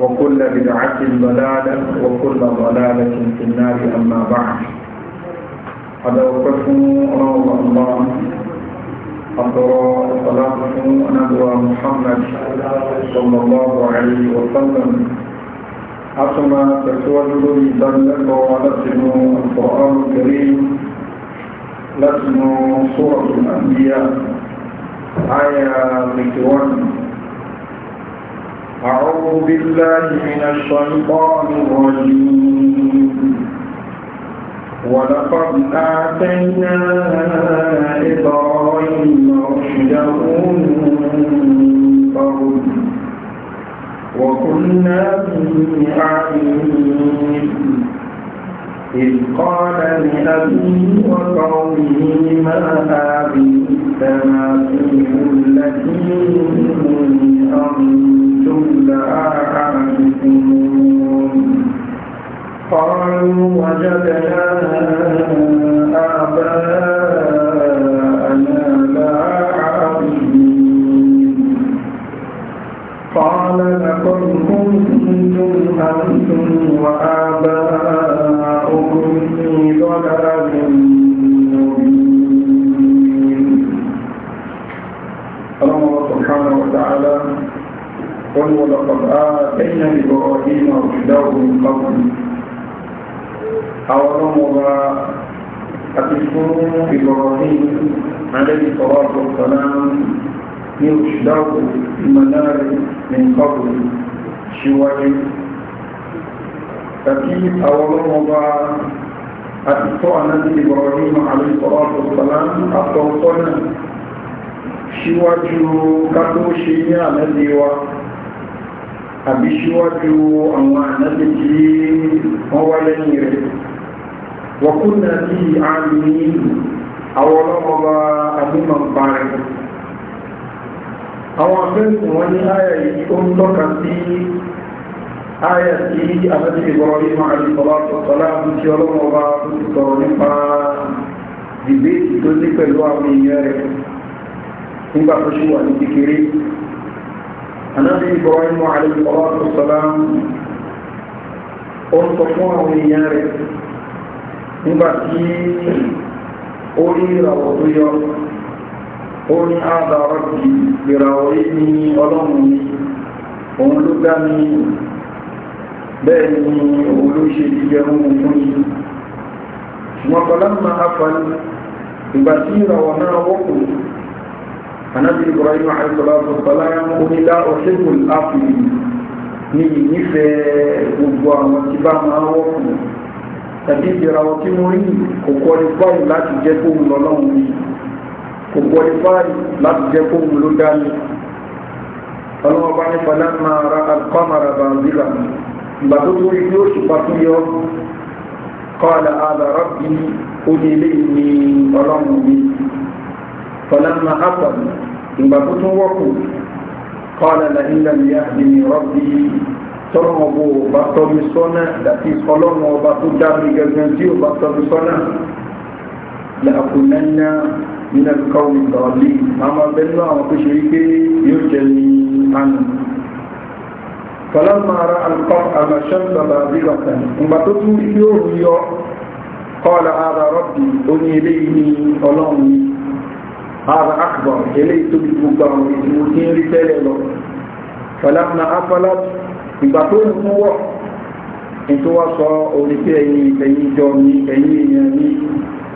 وكل بدعة ضلالة وكل ضلالة في النار أما بعد هذا وقفه الله أقرأ صلاته نبوى محمد صلى الله عليه وسلم أسمى تسوجد لذلك ولسن القرآن الكريم لسنو سورة الأنبياء آية 21 أعوذ بالله من الشيطان الرجيم ولقد آتينا إبراهيم رشده من وكنا به عليم إذ قال لأبيه وقومه ما هذه التماثيل التي أمين كنتم لا قالوا وجدنا آباءنا لا عابدين قال لقد كنتم أنتم وآباؤكم في ضلال مبين الله سبحانه وتعالى قل ولقد آتينا إبراهيم رشده من قبل أولم أتذكر إبراهيم عليه الصلاة والسلام رشده في منار من قبل شواجه تكيف أولم أتذكر النبي إبراهيم عليه الصلاة والسلام أتوصلنا شواجه كتوشي الذي وقت àbí ṣíwájú àwọn ànábì tí wọ́n wá lẹ́yìn rẹ̀ wọ́kúnnà bí àmì àwọn ọlọ́mọba àdúmọ̀pá rẹ̀ àwọn afẹ́sùn wọn ní àyà yìí ó ń tọ́ka sí àyà tí àbẹ́sì ìbọ̀rọ̀ yìí máa rí sọlá sọ̀tọ̀lá tí ọlọ́mọba tó nípa dìbéètì tó pẹ̀lú àwọn èèyàn rẹ̀ nígbà tó ṣe ní kékeré anábì Ibrahim alayhi salatu salam ó ń sọ fún àwọn èèyàn rẹ̀ nígbà tí ó rí ìràwọ̀ tó yọ ó ní àdàrọ̀ bí ìràwọ̀ yìí ní ọlọ́run ní òun ló dá ní bẹ́ẹ̀ ni òun ló ṣe jíjẹ ohun fún yìí ṣùgbọ́n kọlá máa fa ìgbà tí ìràwọ̀ náà wọ́pọ̀ anábì ibrahim àìsọ̀láàbù sọ́lá onílá ọ̀ṣẹ́gun áfìlì ní ìnífẹ̀ẹ́ gbogbo àwọn tí bá máa wọ́ fún un tàbí ìdírawọ́ tí mo rí kò kọlifáì láti jẹ́ kó ń lọ́lọ́run mi kò kọlifáì láti jẹ́ kó ń ló dá mi ọlọ́wọ́ bá ní fọlá máa ra alkọ́mọ̀rà bàbílà ìgbà tó tó rí yóò ṣùpá tó yọ kọ́ àlà àlà rọ́bì ó ní ilé ìní ọlọ́run mi فلما أفضل إن بكت وقو قال لئن لم يهدني ربي tọ́lọ́mọ bò bá tọ́mi sọ́nà dàtí ọlọ́mọ ọba tó dábì gẹ́gẹ́ tí ò bá tọ́mi sọ́nà làkùnánná nínú káwọn ìgbàlè màmá bẹ́ẹ̀ náà àwọn tó ṣe wípé yóò jẹ́ ní àná. فلما رأى القرآن شمس بازغة انبتت في يوم قال هذا ربي أني إليه ألومي هذا أكبر إليه تبي بقى ومتين رسالة له فلما أفلت يبطل هو أنت وصى أولئك أي أي جوني أي يعني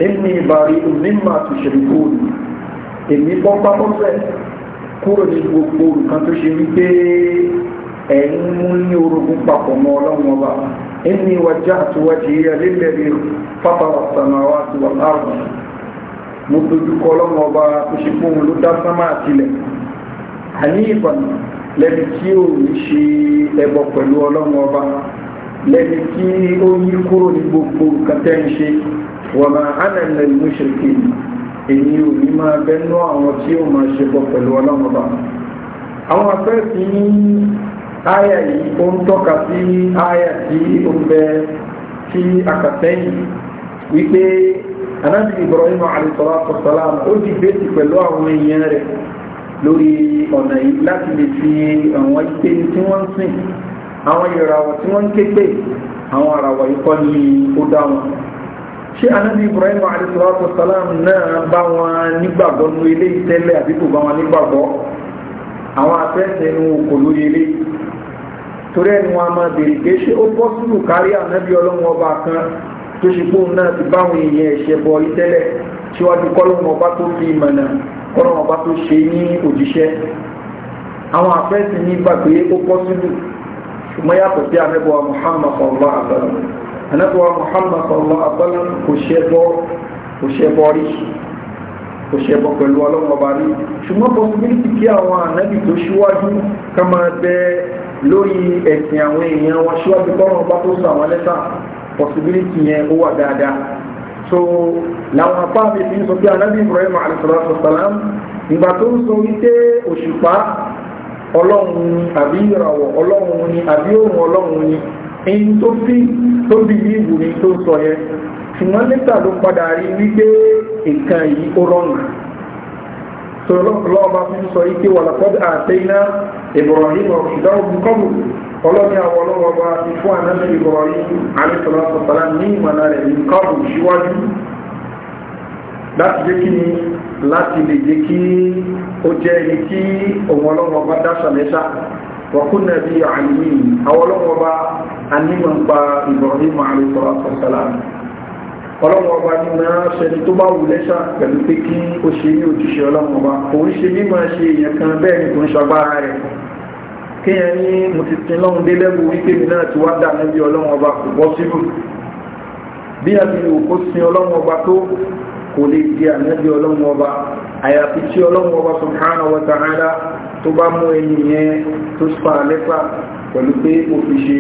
إني بريء مما تشركون إني bọ́ pápọ́sẹ̀ kúrò ní gbogbo nǹkan tó ṣe wípé ẹ̀ ń mú ní orogún papọ̀ mọ́ ọlọ́run ọba inni wajjahtu wajhiya lilladhi fatara as-samawati wal-ardh mo dojú kọ ọlọ́run ọba tó ṣe fún òun ló dá sánmà àtìlẹ̀ àní ìbànú lẹ́ni tí ò ní ṣe ẹbọ pẹ̀lú ọlọ́run ọba lẹ́ni tí ó yí kúrò ní gbogbo nǹkan tẹ́ ń ṣe wà máa ánàlẹ́ ìlú ṣèké èyí ò ní máa bẹ́nu àwọn tí ó máa ṣe bọ pẹ̀lú ọlọ́run ọba àwọn afẹ́sí ní áyà yìí ó ń tọ́ka sí áyà tí ó ń bẹ tí akàtẹ́yìn wípé anábì Ibrahim alayhisalatu wasalam ó di bẹ́ẹ̀sì pẹ̀lú àwọn èèyàn rẹ̀ lórí ọ̀nà yìí láti lè fi àwọn ike tí wọ́n ń sìn àwọn ìràwọ̀ tí wọ́n ń ké pè àwọn àràwọ̀ ikọ́ ni ó dá wọn ṣé anábì Ibrahim alayhisalatu wasalam náà bá wọn nígbàgbọ́ nu ilé ìtẹ́lẹ̀ àbí kò bá wọn nígbàgbọ́ àwọn afẹ́sẹ̀ ń kò lórí ilé torí ẹni wọn a máa bèrè pé ṣé ó bọ́ sínú kárí ànábì ọlọ́run ọba kan tó ṣe fóun náà ti báwọn èèyàn ẹ̀ṣẹ̀ bọ̀ yí tẹ́lẹ̀ síwájú kọ́lọ́mù ọba tó fi ìmọ̀nà kọ́lọ́mù ọba tó ṣe ní òjíṣẹ́ àwọn àfẹ́sì ní gbàgbé ó pọ́ sílù ṣùgbọ́n yàtọ̀ sí anábọ̀wá Muhammad sallallahu alaihi wasallam Muhammad sallallahu alaihi wasallam kò ṣẹbọ kò ṣẹbọ rí kò ṣẹbọ pẹ̀lú ọlọ́mọba rí ṣùgbọ́n pọ́sibílítì kí àwọn ànábì tó ṣíwájú ká máa bẹ lórí ẹ̀sìn àwọn èèyàn wọn ṣíwájú kọ́lọ́mù ọba tó sọ àwọn lẹ́tà possibility yẹn ó wà dáadáa so làwọn apá mi fi ń sọ pé anábì Ibrahim alayhisalatu wasalam ìgbà tó ń sọ wípé òṣùpá ọlọ́run ni àbí ìràwọ̀ ọlọ́run ni àbí òun ọlọ́run ni èyí tó fi tó bí yíìbù ni tó sọ yẹn ṣùgbọ́n lẹ́tà ló padà rí wípé nǹkan yìí ó rọrùn sọlọ́ọ̀bá fi ń sọ yìí pé wàlàkọ́dà àtẹ́yìnà Ibrahim ọ̀ṣùdá ògùn kọ́bù ọlọ́ni àwọn ọlọ́wọ́ bá ti fún ànábì Ibrahim alẹ́sọ̀lọ́sọ̀ sọ́lá ní ìmọ̀lá rẹ̀ ní kọ́ọ̀bù síwájú láti jẹ́ kí ni láti lè jẹ́ kí ó jẹ́ ẹni tí òun ọlọ́wọ́ bá dáṣà lẹ́ṣà wọ́kúnnà bí àlùmí àwọn ọlọ́wọ́ bá anímọ̀ ń pa Ibrahim alẹ́sọ̀lọ́sọ̀ sọ́lá ọlọ́wọ́ bá ní máa ṣẹni tó bá wù lẹ́ṣà kéèyàn ní mo ti sin lọ́hún dé lẹ́bù wípé mi náà ti wá dà níbi ọlọ́run ọba kò bọ́ síbù bí àti ìwò kó sin ọlọ́run ọba tó kò lè di ànábì ọlọ́run ọba àyàfi tí ọlọ́run ọba subhanahu wa ta'ala tó bá mú ẹni yẹn tó spa lẹ́pà pẹ̀lú pé ó fi ṣe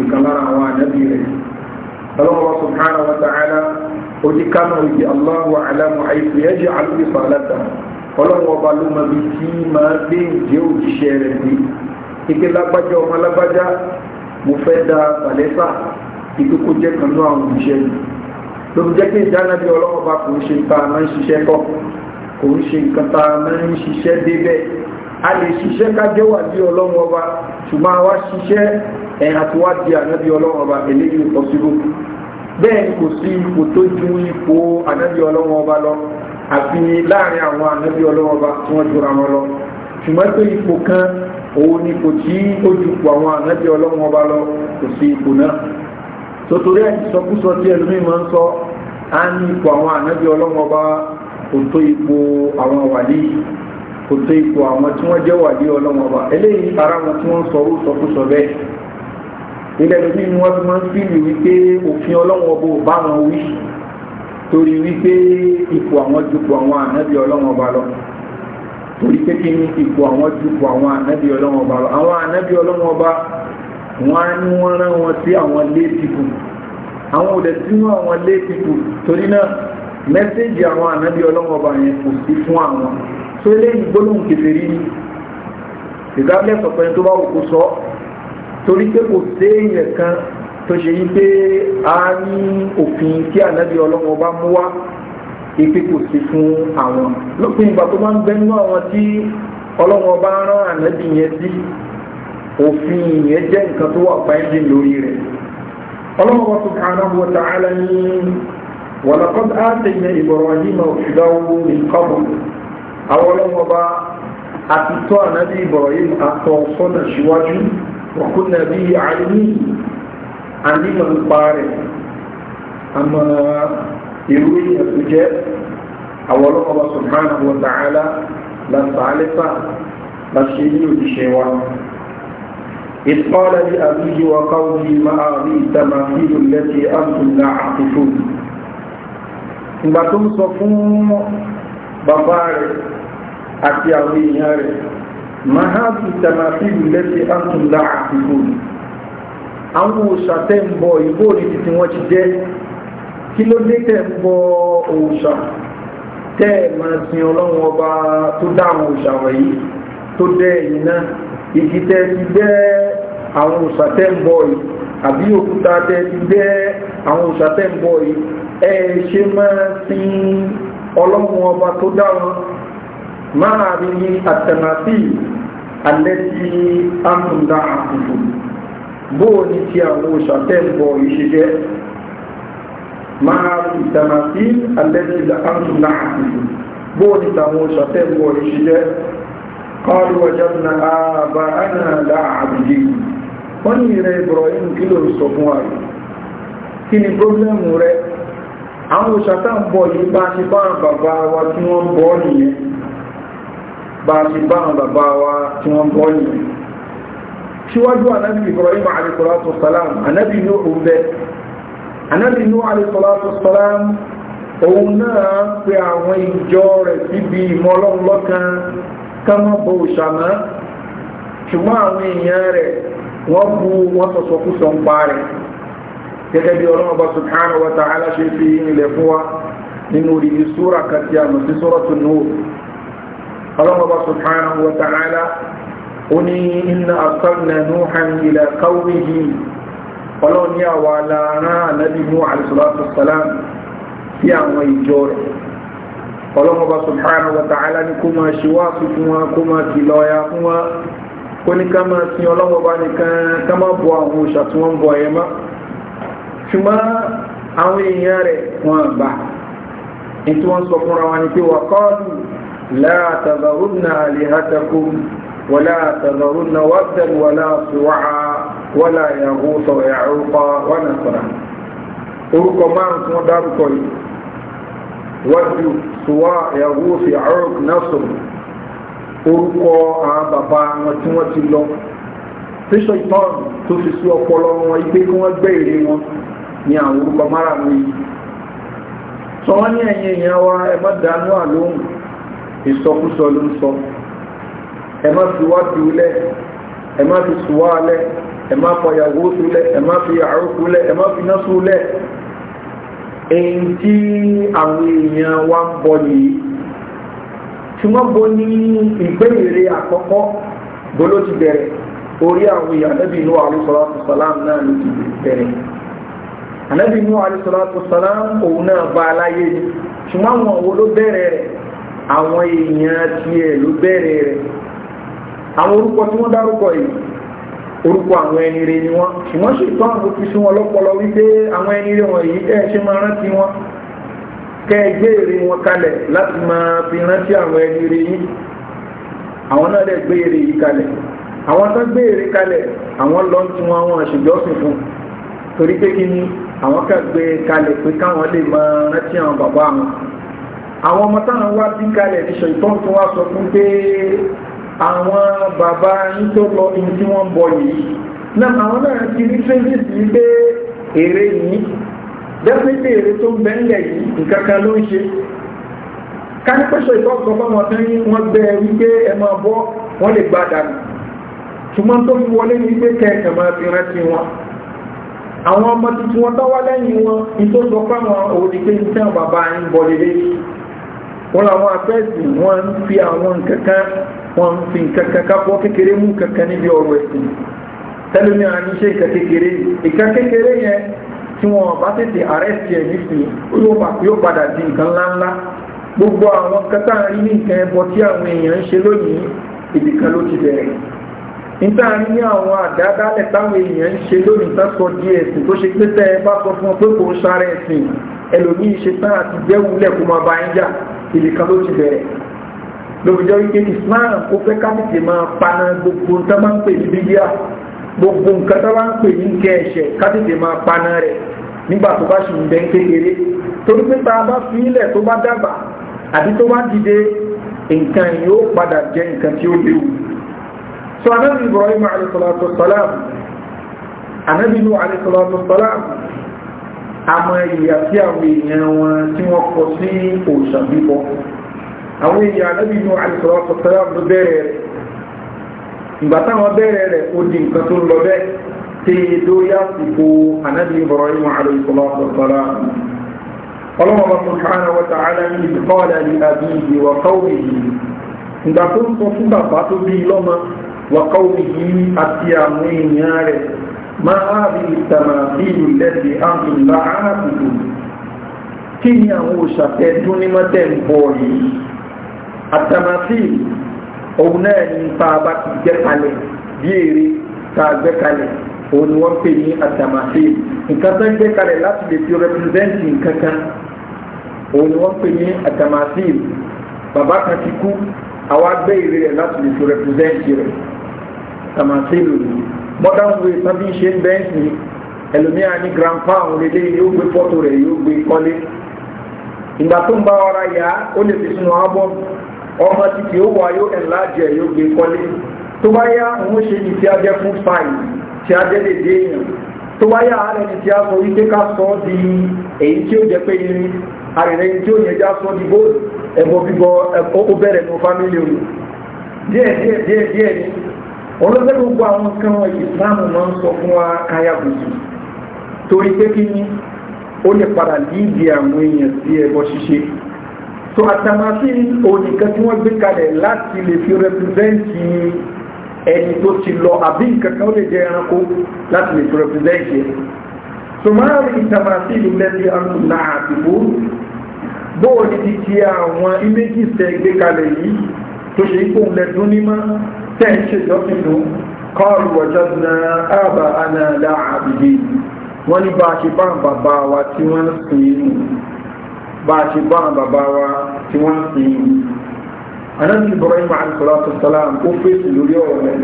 ìkan lára àwọn ànábì rẹ̀ ọlọ́run ọba subhanahu wa ta'ala ó ti kánú ìdí Allahu a'lamu haythu yaj'alu risalatahu ọlọ́run ọba ló mọ ibi tí máa gbé ìjẹ́ òjíṣẹ́ rẹ̀ dé ike lágbájá ọmọ lágbájá mo fẹ́ da sàlẹ́sà ike kó jẹ́ kan ní àwọn òṣìṣẹ́ yìí ló fi jẹ́ pé ìdánábí ọlọ́wọ́ bá kò ń ṣe nǹkan àmọ́ ń ṣiṣẹ́ kọ́ kò ń ṣe nǹkan tá a máa ń ṣiṣẹ́ débẹ̀ a lè ṣiṣẹ́ kájẹ́ wà bí ọlọ́wọ́ ọba ṣùgbọ́n àwa ṣiṣẹ́ ẹ̀ àti wá di ànábí ọlọ́wọ́ eléyìí pọ̀ síbò bẹ́ẹ̀ kò sí ipò tó ju ipò ànábí ọlọ́wọ́ lọ àfi láàrin àwọn ànábí ọlọ́wọ́ tí wọ́n jura wọn lọ ṣùgbọ́n pé ipò kan òun ni kò tí ó ju pọ̀ àwọn ànábì ọlọ́run ọba lọ kò sí ipò náà sotori ẹ̀ sọkúsọ tí ẹlòmíì máa ń sọ á ní ipò àwọn ànábì ọlọ́run ọba kò tó ipò àwọn wàlí kò tó ipò àwọn tí wọ́n jẹ́ wàlí ọlọ́run ọba eléyìí ara wọn tí wọ́n sọ ó sọkúsọ bẹ́ẹ̀ ilẹ̀ lómi ni wọ́n fi máa ń fìlì wípé òfin ọlọ́run ọba ò bá wọn wí torí wípé ipò àwọn ju ipò àwọn ànábì ọlọ́run ọba lọ torí pé kí ní ipò àwọn ju ipò àwọn ànábì ọlọ́wọ́n ọba lọ àwọn ànábì ọlọ́wọ́n ọba wọn á ní wọn rán wọn sí àwọn léètìkù àwọn òdẹ sínú àwọn léètìkù torí náà mẹ́sẹ́jì àwọn ànábì ọlọ́wọ́n ọba yẹn kò sí fún àwọn tó eléyìí gbólóhùn kèfèrí ni ìgbàlẹ̀ sọ̀pẹ́ tó bá wù kó sọ torí pé kò séèyàn kan tó ṣe yí pé a ní òfin kí ànábì ọlọ́wọ́n ọba mú wá ipe kò sí fún àwọn lópin ìgbà tó máa ń gbẹ́nu àwọn tí ọlọ́wọ́n bá rán ànábì yẹn sí òfin yẹn jẹ́ nǹkan tó wà báyìí lórí rẹ̀ ọlọ́wọ́n subhanahu wa ta'ala ní walaqad atayna Ibrahima hudahu min qabl àwọn ọlọ́wọ́n bá àtìtọ́ ànábì Ibrahim àtọ̀ sọ́nà síwájú wa kunna bihi irú èèyàn tó jẹ́ àwọn ọlọ́mọba subhanahu wa ta'ala la sàálẹ́fà la ṣe ní òjíṣẹ́ wa ìtọ́lẹ̀ ní àbíyí wa káwọ́bí máa rí ìtàmà fílù lẹ́tí àtúnlá àkókò ìgbà tó ń sọ fún bàbá rẹ̀ àti àwọn èèyàn rẹ̀ máa fi ìtàmà fílù lẹ́tí àtúnlá àkókò àwọn òṣàtẹ́ ń bọ̀ ìbò òdìdí tí wọ́n ti jẹ́ kí ló dé tẹ̀ ń bọ òòṣà tẹ́ ẹ̀ máa sin ọlọ́run ọba tó dá àwọn òòṣà wọ̀nyí tó dẹ́ ẹ̀yìn náà ìdí tẹ́ ti dẹ́ àwọn òòṣà tẹ́ ń bọ yìí àbí òkúta tẹ́ ti dẹ́ àwọn òòṣà tẹ́ ń bọ yìí ẹ̀ ṣe máa sin ọlọ́run ọba tó dá wọn máa rí àtẹ̀mátì alẹ́ tí a ń dá àkùkù bóò ní ti àwọn òòṣà tẹ́ ń bọ yìí ṣe jẹ́ máa fi tàmàtí alẹ́ni ìlàkàntù náà àtìkù bóò ní tàwọn òṣàtẹ́ ìwọ̀ ìṣẹ́jẹ́ kọlu wajadna àbá wọ́n ní rẹ̀ Ibrahim kí ló sọ fún wa kí ni pọ́blẹ́mù rẹ̀ àwọn òṣàtà ń bọ̀ yìí bá ti bá bàbá wa tí wọ́n bọ́ nìyẹn bá ti bá bàbá wa tí wọ́n bọ́ nìyẹn síwájú ní òun bẹ́ẹ̀ anábì inú àlèsọ́látọ̀ sọ́lám òun náà pe àwọn ìjọ rẹ̀ síbi ìmọ̀ ọlọ́run lọ́kan kánmọ́ bò ṣàmá ṣùgbọ́n àwọn èèyàn rẹ̀ wọ́n bu wọ́n sọ̀sọ̀ kú sọ ń pa rẹ̀ gẹ́gẹ́ bí ọlọ́run bá subhanahu wa ta'ala ṣe fi ilẹ̀ fún wa nínú ìrìnì ọlọ́run ní àwa láàárán ànábì mú àlùsọ̀láṣọ sàlám sí àwọn ìjọ rẹ̀ ọlọ́run bá subhanahu wa ta'ala ní kó máa ṣe wáàsù fún wa kó máa kìlọ̀ ọ̀yà fún wa kó ní ká máa sin ọlọ́run bá nìkan ká má bọ àwọn òòṣà bọ ẹ̀yẹ ṣùgbọ́n àwọn èèyàn rẹ̀ wọ́n gbà ní tí wọ́n sọ fúnra wa ni pé wà kọ́ọ̀lù láàtàbàrúnà ولا تذرن ودا ولا صوعا ولا يغوث ويعوق ونسرا orúkọ márùn tí wọ́n dárúkọ yìí wọ́dù suwa yahoo fi arok naso orúkọ àwọn bàbá wọn tí wọ́n lọ tíṣọ fi wọn wọn àwọn orúkọ mara yìí sọ wọ́n ní ẹ̀yìn èèyàn wa ẹ ẹ má fi wá dùúlẹ̀ ẹ má fi sùwá alẹ́ ẹ má fa yàwó sulẹ̀ ẹ má fi yàrá kulẹ̀ ẹ má fi èyí tí àwọn èèyàn wa ń bọ nìyí tí wọ́n bọ ní ìgbéyèrè àkọ́kọ́ bolo ti bẹ̀rẹ̀ orí àwọn èèyàn anábì inú àlùsọ̀rọ̀ sàlám náà ló ti bẹ̀rẹ̀ anábì inú àlùsọ̀rọ̀ sàlám òun náà bá aláyé ni ló bẹ̀rẹ̀ àwọn orúkọ tí wọ́n dárúkọ yìí orúkọ àwọn ẹni rẹ ni wọ́n ṣùgbọ́n ṣètọ́ àwọn fi sí wọn lọ́pọlọ wípé àwọn ẹni rẹ wọ̀nyí ẹ ṣe máa rántí wọn kẹ́ ẹ gbé èrè wọn kalẹ̀ láti máa fi rántí àwọn ẹni rẹ yìí àwọn náà dẹ̀ gbé èrè yìí kalẹ̀ àwọn tó gbé èrè kalẹ̀ àwọn lọ ń tiwọn àwọn àṣejọ́sìn fún torí pé kí ni àwọn kà gbé e kalẹ̀ pé káwọn lè máa rántí àwọn bàbá wọn àwọn ọmọ táwọn wá bí kalẹ̀ ní ṣètọ́ tí àwọn bàbá yín tó lọ ibi tí wọ́n bọ yìí náà àwọn náà ti rí travis yìí pé èrè yìí definitely èrè tó ń bẹ́ńlẹ̀ yìí nǹkan kan ló ń ṣe ká ní pẹ́sọ̀ ìtọ́kọ̀ fáwọn tán yín wọ́n gbẹ wípé ẹ máa bọ́ wọ́n lè gbá dànù ṣùgbọ́n tó fi wọlé ní pé kẹ́ẹ̀kan máa fi rántí wọn àwọn ọmọ tuntun wọn tọ́wọ́ lẹ́yìn wọn ní fáwọn òdì pé ní tẹ́wọ̀n bàbá yín bọ̀ lélẹ́yìn wọn làwọn afẹ́sì wọn fi àwọn nǹkan kan wọn ń fi kankan kápọ́ kaka mú kankan níbi ọ̀rọ̀ ẹ̀sìn tẹ́lómi àní ṣe ìka kékeré ìka kékeré yẹn tí wọn bá tètè àrẹ́sì ẹ̀ nísìnyí yóò padà di nǹkan ńláńlá gbogbo àwọn kátà rí ní nǹkan ẹbọ tí àwọn èèyàn ń ṣe lónìí ìdìkan ló ti bẹ̀rẹ̀ níta rí ní àwọn àdádálẹ̀ táwọn èèyàn ń ṣe lónìí sásọ di ẹ̀sìn tó ṣe pé tẹ́ ẹ bá sọ fún ọ pé kò ń sáré ẹ̀sìn ẹlòmíì ṣe tán àti jẹ́wúlẹ̀ kó máa bá ń jà ìdìkan ló ti bẹ̀rẹ̀ lóbìjọ́ wípé Islam ó fẹ́ káàkiri máa paná gbogbo nǹkan máa ń pè ní bíbíà gbogbo nǹkan tó máa ń pè ní nǹkan ẹ̀ṣẹ̀ káàkiri máa paná rẹ̀ nígbà tó bá ṣì ń bẹ kékeré torí pé tá a bá fi ilẹ̀ tó bá dàgbà àbí tó bá dìde nǹkan yìí ó padà jẹ́ nǹkan tí ó léwu so anabi Ibrahim alayhi salam, wassalam anabi nu alayhi salatu wassalam àmọ́ ìyà sí àwọn èèyàn wọn tí wọ́n kọ sí òòṣà bíbọ àwọn èèyàn anábì ní àìsọ̀rọ̀ sọ̀tẹ́lá ló bẹ̀rẹ̀ rẹ̀ ìgbà táwọn bẹ̀rẹ̀ rẹ̀ ó di nǹkan tó ń lọ bẹ́ẹ̀ tí lórí àsìkò anábì Ibrahim àìsọ̀rọ̀ sọ̀tẹ́lá ọlọ́wọ́ subhanahu wa ta'ala ní ìdíkọ́ọ̀dà ní àbíyí wà káwé yìí ìgbà tó ń sọ fún bàbá tó bí kí ni àwọn òṣàfẹ́ dún ní mọ́tẹ́ ń bọ̀ yìí àtàmásìl òun náà ní nípa bá ti jẹ́ kalẹ̀ bí èrè tá a gbẹ́ kalẹ̀ òun ni wọ́n pè ní àtàmásìl nǹkan tó ń gbé kalẹ̀ láti lè fi rẹpírẹsẹ̀ntì nǹkan kan òun ni wọ́n pè ní àtàmásìl bàbá kan ti kú àwa gbé èrè rẹ̀ láti lè fi rẹpírẹsẹ̀ntì rẹ̀ àtàmásìl òun modern way tàbí ṣe ń bẹ́ẹ̀ ẹlòmíà ní grandpa òun lè dé yóò gbé fọ́tò rẹ̀ yóò gbé kọ́lé ìgbà tó ń bá ọ̀rá yá ó lè fi sínú ábọ́ọ̀mù ọmọ ti kì ó wà yóò ẹ̀lájẹ̀ yóò gbé kọ́lé tó bá yá òun ṣe ní tí a jẹ́ fún fàì tí a jẹ́ lè dé èèyàn tó bá yá ààrẹ ní tí a sọ wípé ká sọ ọ́ di èyí tí ó jẹ́ pé irin àrẹ̀rẹ̀ tí ó yẹ já sọ di bóòlù ẹ̀bọ̀ bíbọ ó bẹ̀rẹ̀ nù fámílì òun díẹ̀ díẹ̀ díẹ̀ díẹ̀ ni ọlọ́sẹ̀ gbogbo àwọn nǹkan wọn ìsìláàmù máa ń sọ fún wa káyà bùsù torí pé kí ni ó lè padà líìdì àwọn èèyàn sí ẹbọ ṣíṣe so àtàmásìn onìkan tí wọ́n gbé kalẹ̀ láti lè fi rẹpùsẹ́ǹtì ẹni tó ti lọ àbí nǹkan kan ó lè jẹ ẹranko láti lè fi rẹpùsẹ́ǹtì ẹ̀ so máa rí ìtàmásìn lẹ́bí àrùn náà àtìbó bóò ní ti ti àwọn iméjì tẹ gbé kalẹ̀ yìí tó ṣe ipò lẹ́dún nímọ́ tẹ́ ń ṣe ìjọ́sìnú kọ́ọ̀lù wajadna àbà àná láàbìdì wọ́n ní bá a ṣe bá bàbá wa tí wọ́n ń bá a ti bá àwọn bàbá wa tí wọ́n ń sìn yìí anábì ibrahim alayhisalatu salam ó fèsì lórí ọ̀rọ̀ rẹ̀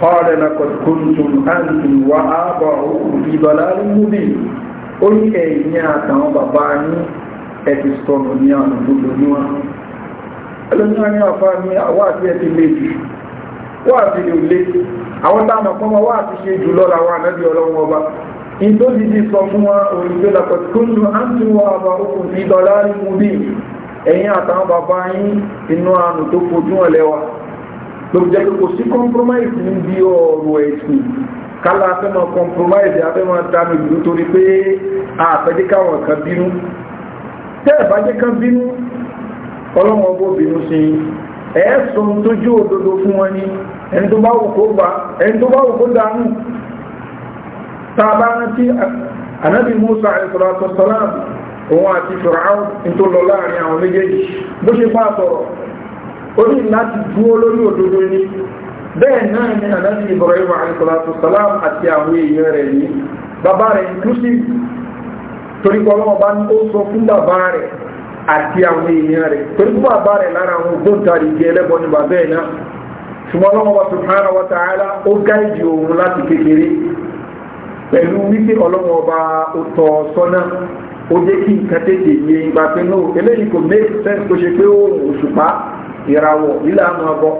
qala laqad kuntum antum wa aba'ukum fi dalalin mubin ó ní ẹ̀yìn àtàwọn bàbá yín ẹ̀ ti sọnù ní àwọn òdodo ní wọn ẹlẹ́nu àní àfáà ní àwọ́ àti ẹ̀ lè jù wọ́n àti lè lé àwọn táwọn ọmọ wọ́n àti ṣe jù lọ́la wọn ànábì ọlọ́wọ́ ọba in tó ti ti sọ fún wa òrùgbé lakọ̀tíkúnnù àti wà bá òkú ní dọ́lá ní mú bí ẹ̀yìn àtàwọn bàbá yín inú àrùn tó fojú ọ̀lẹ́wà ló jẹ́ pé kò sí compromise níbi ọ̀rọ̀ ẹ̀sìn kálá fẹ́ mọ compromise afẹ́ mọ dánu ìlú torí pé àfẹ́dé káwọn kan bínú tẹ́ ẹ̀ bá kan bínú ọlọ́wọ́n bó bínú sí ẹ̀ẹ́sùn tójú òdodo fún wọn ni ẹni tó bá wù kó dànù tàbá rántí anábì musa àìsàlátù salam òun àti fìràún tó lọ láàrin àwọn méjèèjì bó ṣe bá sọ̀rọ̀ ó ní láti dúó lórí òdodo ní bẹ́ẹ̀ náà ni anábì ibrahim àìsàlátù salam àti àwọn èèyàn rẹ̀ yìí bàbá rẹ̀ inclusive torí pé ọlọ́wọ́ bá ní ó sọ fún bàbá rẹ̀ àti àwọn èèyàn rẹ̀ torí fún bàbá rẹ̀ lára àwọn ògbóǹtarìgì ẹlẹ́bọ ni bàbá ẹ̀ náà ṣùgbọ́n ọlọ́wọ́ bá subhanahu wa ta'ala ó gáìdì òun láti kékeré pẹ̀lú wípé ọlọ́run ọba ó tọ́ ọ sọ́nà ó jẹ́ kí nǹkan tètè yé ìgbà pé náà eléyìí kò make sense kó ṣe pé oòrùn òṣùpá ìràwọ̀ ilé àmọ́ ọbọ̀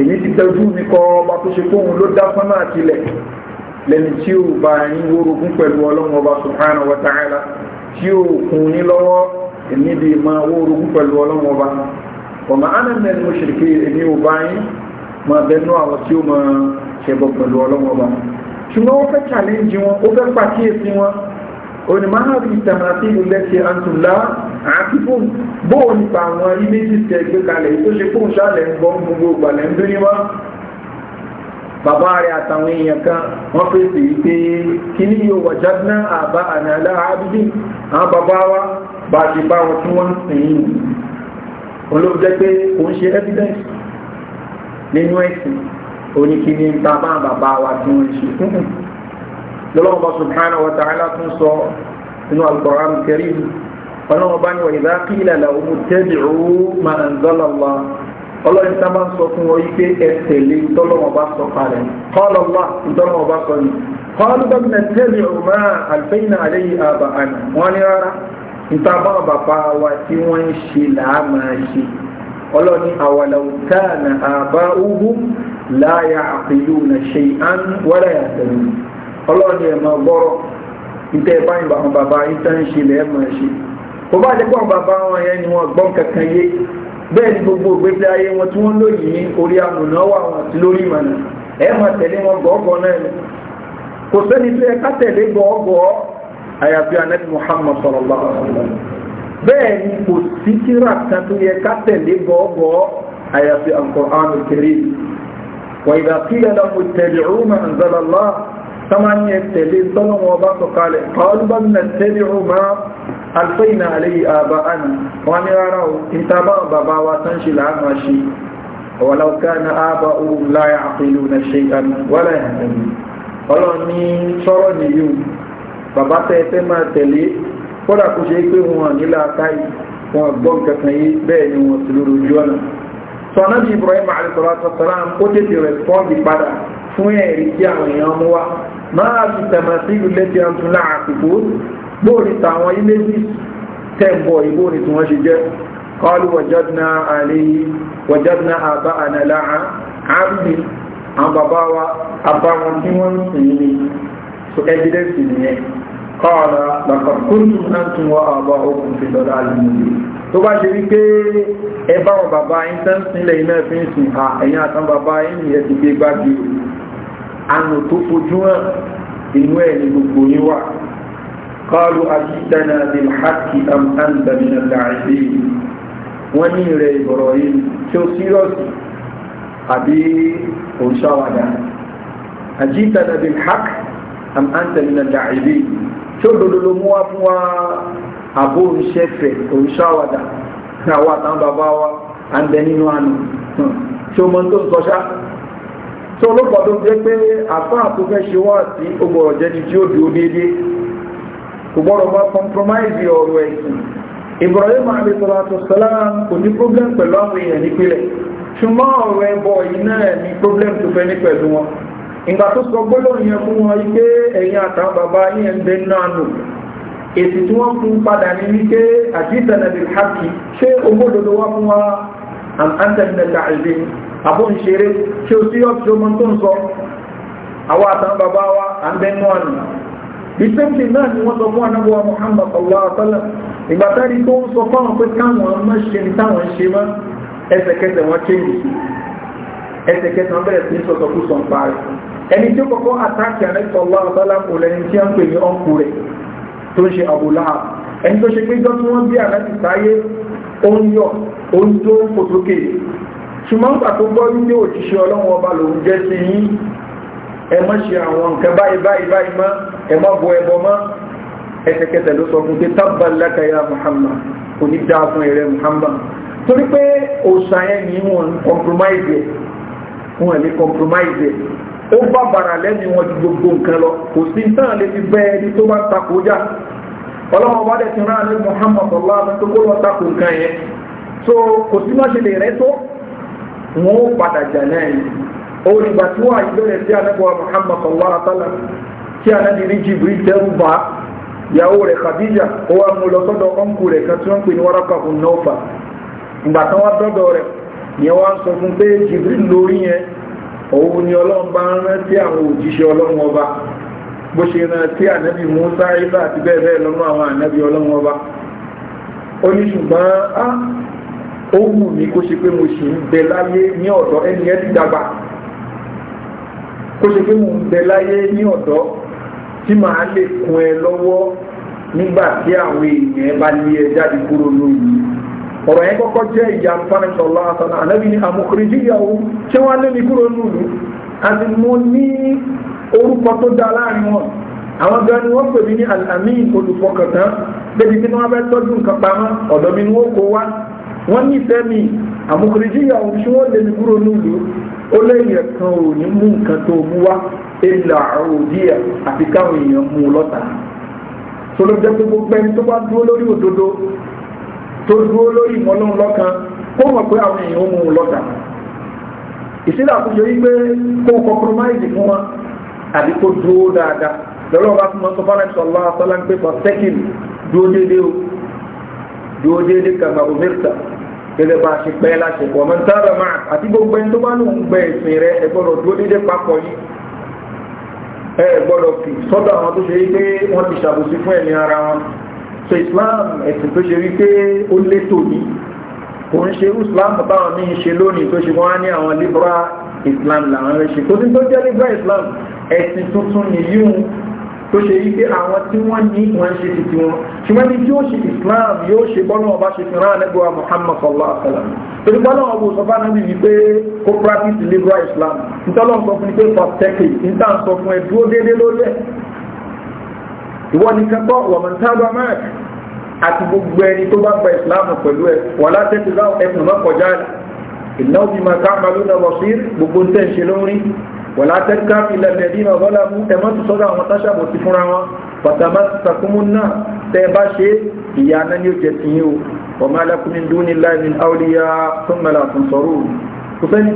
èyí ti tẹ́jú mi kọ́ ọba tó ṣe fóun ló dá fọ́nà àtìlẹ̀ lẹ́ni tí ó bá yín wórogún pẹ̀lú ọlọ́run ọba subhanahu wa ta'ala tí ó kún ní lọ́wọ́ èmi bí máa wórogún pẹ̀lú ọlọ́run ọba ọmọ ṣùgbọ́n ó fẹ́ challenge wọn ó fẹ́ pàkíyèsí wọn onímọ̀nàbí ìtàmàtí ìlẹ́tì àtúnlá àkíkù bóò nípa àwọn iméjì tẹ gbé kalẹ̀ tó ṣe fún ṣálẹ̀ ń bọ́ gbogbo ìgbàlẹ̀ ń dúní wá bàbá rẹ̀ àtàwọn èèyàn kan wọ́n fèsì wípé kí ní yóò wà jágná àbá ànàlá àbídì àwọn bàbá wa bá ti bá wọn tí wọ́n ń sìn yìí olóòjẹ́ pé kò ń ṣe evidence nínú ẹ̀sìn oníkíní ń ta máa bàbá wa tí wọ́n ṣe lọ́wọ́ bá subhanahu wa ta'ala tún sọ inú al-Qur'an al-Karim ọlọ́wọ́ bá ní wa idha qila lahum ittabi'u ma anzala Allah ọlọ́yin tá a máa ń sọ fún wọn yìí pé ẹ tẹ̀lé ìtọ́lọ́wọ́ bá sọ kalẹ̀ qala Allah ìtọ́lọ́wọ́ bá sọ yìí qalu bá bàbá wa tí máa ṣe ọlọ́ni awalaw láyà àpèlú na ṣe án wọ́lá yàtẹ̀lú ọlọ́ni ẹ̀mọ gbọ́rọ̀ ìtẹ́ báyìí bá wọn bàbá yìí tán ṣe lẹ́ mọ̀ ṣe kò bá jẹ́ pọ́n bàbá wọn yẹn ni wọ́n gbọ́n kankan yé bẹ́ẹ̀ ni gbogbo ògbésí ayé wọn tí wọ́n lóyìn orí amùnà wà wọn àti lórí ìmọ̀nà ẹ̀ mọ̀ tẹ̀lé wọn gọ́gọ́ náà ni kò sẹ́ni tó yẹ ká tẹ̀lé gọ́gọ́ àyàfi anabi Muhammad sallallahu alaihi wa sallam bẹ́ẹ̀ ni kò sí kíra kan tó yẹ ká tẹ̀lé gọ́gọ́ àyàfi Al-Qur'an al وإذا قيل لهم اتبعوا ما أنزل الله ثمانية تلين صلوا وبعض قال قالوا بل نتبع ما ألفينا عليه آباءنا وأن يروا اتبع بابا وتنشي العام شيء ولو كان آباؤهم لا يعقلون شيئا ولا يهتدون Ọlọ́run ní sọ̀rọ̀ nìyí bàbá tẹ́ máa tẹ̀lé kódà kò ṣe é pé wọn nílà káyì wọn gbọ́n kankan yìí bẹ́ẹ̀ ni wọn ti lórí ojú ọ̀nà sọ̀nà bí Ibrahim alayhisalatu wasalam ó tètè rẹ̀spọ́ǹdì padà fún ẹ̀rí tí àwọn èèyàn mú wa máa fi tẹ̀mọ̀sí ilé tí a ń tún náà àsìkò bóòrì tàwọn ilé tí tẹ̀m̀bọ̀ ìbóòrì tí wọ́n ṣe jẹ́ kọlu wàjọ́dúnà àlèyí wàjọ́dúnà àbá ànàlá àmì àwọn bàbá wa àbáwọn tí wọ́n sìn ní so evidence nìyẹn kọ́ọ̀lá làkọ̀kúrú náà tún wọ́n àbá okùn lọ́dọ̀ àlùmọ́lẹ́ tó bá ṣe wípé ẹ bá wọn bàbá yín tán sílẹ̀ iná fi ń sìn à ẹ̀yìn àtàn bàbá yín nìyẹn ti gbé gbági àrùn tó fojú hàn inú ẹ̀ ní gbogbo yín wà qalu ajitana bil haqqi am anta min al-la'ibin wọ́n ní ìrẹ̀ ìbọ̀rọ̀ yìí tí ó sírọ̀sì àbí òṣàwàdà ajitana àbó oníṣẹ́fẹ̀ oníṣàwàdà àwọn àtàwọn bàbá wa à ń bẹ nínú àná tí ó mọ tó ń sọṣá tí ọlọ́pàá tó jẹ́ pé àfáà tó fẹ́ ṣe wá sí ọgbọ̀rọ̀ jẹ́ni tí ó dúró déédéé kò gbọ́dọ̀ bá compromise ọ̀rọ̀ ẹ̀sìn Ibrahim alayhisalatu salam kò ní problem pẹ̀lú àwọn èèyàn nípìnlẹ̀ ṣùgbọ́n ọ̀rọ̀ ẹbọ yìí náà ní problem tó fẹ́ ní pẹ̀lú wọn ìgbà tó sọ gbólóhùn yẹn fún wọn ike ẹ̀yin àtàwọn bàbá yẹn ń bẹ náà nù èsì tí wọ́n fún padà ní wípé àjíìtànà lè hàkì ṣé ogódodo wá fún wa àǹtẹ̀nẹ̀lá ìdí àbóǹṣeré ṣe ó sí ọ́pì ọmọ tó ń sọ àwọn àtàn bàbá wa à ń bẹ́nu náà ni wọ́n sọ fún anábọ̀ Muhammad sallallahu ìgbà tárí tó ń sọ fáwọn pé káwọn mọ́ ṣe ní táwọn ṣe mọ́ ẹsẹ̀kẹsẹ̀ wọn kéèyì ẹsẹ̀kẹsẹ̀ wọn bẹ̀rẹ̀ sí sọ̀tọ̀kú sọ̀ǹpa rẹ̀ ẹni tí ó kọ́kọ́ àtàkì àrẹ́sọ̀lá ọ̀sálà kò lẹ́ni tí ó ń pè ní ọ̀nkù tó ń ṣe Abu Lahab ẹni tó ṣe pé jọ tí wọ́n bí àlẹ́sì sáyé ó ń yọ ó ń tó ń fò sókè ṣùgbọ́n gbà tó gbọ́ wípé òṣìṣẹ́ ọlọ́run ọba lòún jẹ́ sí yín ẹ má ṣe àwọn nǹkan báyìí báyìí báyìí mọ́ ẹ má bọ ẹbọ mọ́ ẹsẹ̀kẹsẹ̀ ló sọ fún pé tabban ya Muhammad kò ní dáa fún ẹ̀rẹ́ Muhammad torí pé òṣà yẹn ni wọ́n compromise ẹ̀ wọ́n lè compromise ẹ̀ ó bá bàrà lẹ́nu wọn ju gbogbo nǹkan lọ kò sí náà lè fi bẹ́ ẹni tó bá ń takò já ọlọ́wọ́n bá dẹ̀ ti rán àlẹ́ Muhammad ọlá tó kó lọ takò nǹkan yẹn so kò sí má ṣe lè rẹ́ tó wọn ó padà jà náà yìí olùgbà tí wọ́n àyíbẹ̀rẹ̀ sí àlẹ́bọ̀ Muhammad ọlá àtàlà tí àlẹ́bí ní Jibril dẹ́rù bá ìyàwó rẹ̀ Khadija ó wà mú lọ sọ́dọ̀ ọ̀nkù rẹ̀ kan tí wọ́n pè ní wárápà fún náà ìgbà tán wá dọ́dọ̀ rẹ̀ ìyẹn wá sọ fún pé Jibril lórí yẹn òun ni ọlọ́run bá ń rántí àwọn òjíṣẹ́ ọlọ́run ọba bó ṣe rántí ànábì Musa ibà àti bẹ́ẹ̀ bẹ́ẹ̀ lọ́nà àwọn ànábì ọlọ́run ọba ó ní ṣùgbọ́n á ó wù mí kó ṣe pé mo ṣì ń bẹ láyé ní ọ̀dọ́ ẹni ẹ ti dàgbà kó ṣe pé mo ń bẹ láyé ní ọ̀dọ́ tí màá lè kún ẹ lọ́wọ́ nígbà tí àwọn èèyàn bá lé ẹ jáde kúrò lóyún ọ̀rọ̀ yẹn kọ́kọ́ jẹ́ ìyá fanẹsọ̀ lọ́sọ̀nà ànábì ní àmọ̀kùrìjì ìyàwó tí wọ́n lé mi kúrò nùlù àti mo ní orúkọ tó da láàrin wọn àwọn gan ni wọ́n pè mí ní àmì olùfọkàntán débi tí wọ́n bẹ́ tọ́jú nǹkan pamọ́ ọ̀dọ̀ mi ni wọ́n kó wá wọ́n nífẹ̀ẹ́ mi àmọ̀kùrìjì ìyàwó tí wọ́n lé mi kúrò nùlù ó lẹ́yìn ẹ̀kan ò ní mú nǹkan tó mú wá ilà òdìyà àti káwọn èèyàn mú lọ́ta tó dúró lórí ìmọ̀lóhun lọ́kan kó mọ̀ pé àwọn èèyàn ó mú un lọ́ta ìsílẹ̀ àkójọ yí pé kó compromise fún wọn àbí kó dúró dáadáa lọ́lọ́wọ́ bá fún wọn sọ fọ́nà ìṣọ̀lá sọ́lá ń pè fọ́ sẹ́kìn dúró déédéé o dúró déédéé kàmà òmìnirta gẹ́gẹ́ bá a ṣe pẹ́ láṣẹ pọ̀ mọ́ ntára máa àti gbogbo ẹni tó bá lóun gbẹ ìsìn rẹ ẹ gbọ́dọ̀ dúró déédéé papọ̀ yìí ẹ gbọ́dọ̀ fi sọ́dọ̀ àwọn tó ṣe yí pé wọ́n ti ṣàbòsí fún ẹ̀mí ara wọn so islam ẹ̀sìn tó ṣe wípé ó létò ní kò ń ṣe islam táwọn ní í ṣe lónìí tó ṣe wọ́n ní àwọn liberal islam làwọn lè ṣe tó ti tó jẹ́ liberal islam ẹ̀sìn tuntun nìyíun tó ṣe wípé àwọn tí wọ́n ní wọ́n ń ṣe ti ti wọn ṣùgbọ́n ní tí ó ṣe islam yóò ṣe bọ́lá ọba ṣe fi rán àlẹ́gbẹ̀wá muhammad sallallahu alaihi wa sallam torí bọ́lá ọba òṣùpá náà bíi wípé kó islam nítorí wọn sọ fún mi pé for decade níta sọ fún ẹ ìwọ nìkan kọ́ wọ̀mọ̀n tábà máa àti gbogbo ẹni tó bá gba ìsìláàmù pẹ̀lú ẹ wà látẹ́tì láwọn ẹkùn náà kọjá ìnáwó bí máa káàmà ló náà wọ̀ sí gbogbo ń tẹ̀ ṣe lórí wà látẹ́tì káàmì ilẹ̀ mẹ́dínà bọ́lá mú ẹmọ́ ti sọ́dọ̀ àwọn táṣàbò ti fúnra wọn bàtàmá takumu náà tẹ́ ẹ bá ṣe ìyá náà ni ó jẹ ti yín o wọ́n máa lẹ́kùn dúní láìní áwòlíyá tó mẹ́lá fún sọ́rọ̀ kò sẹ́ni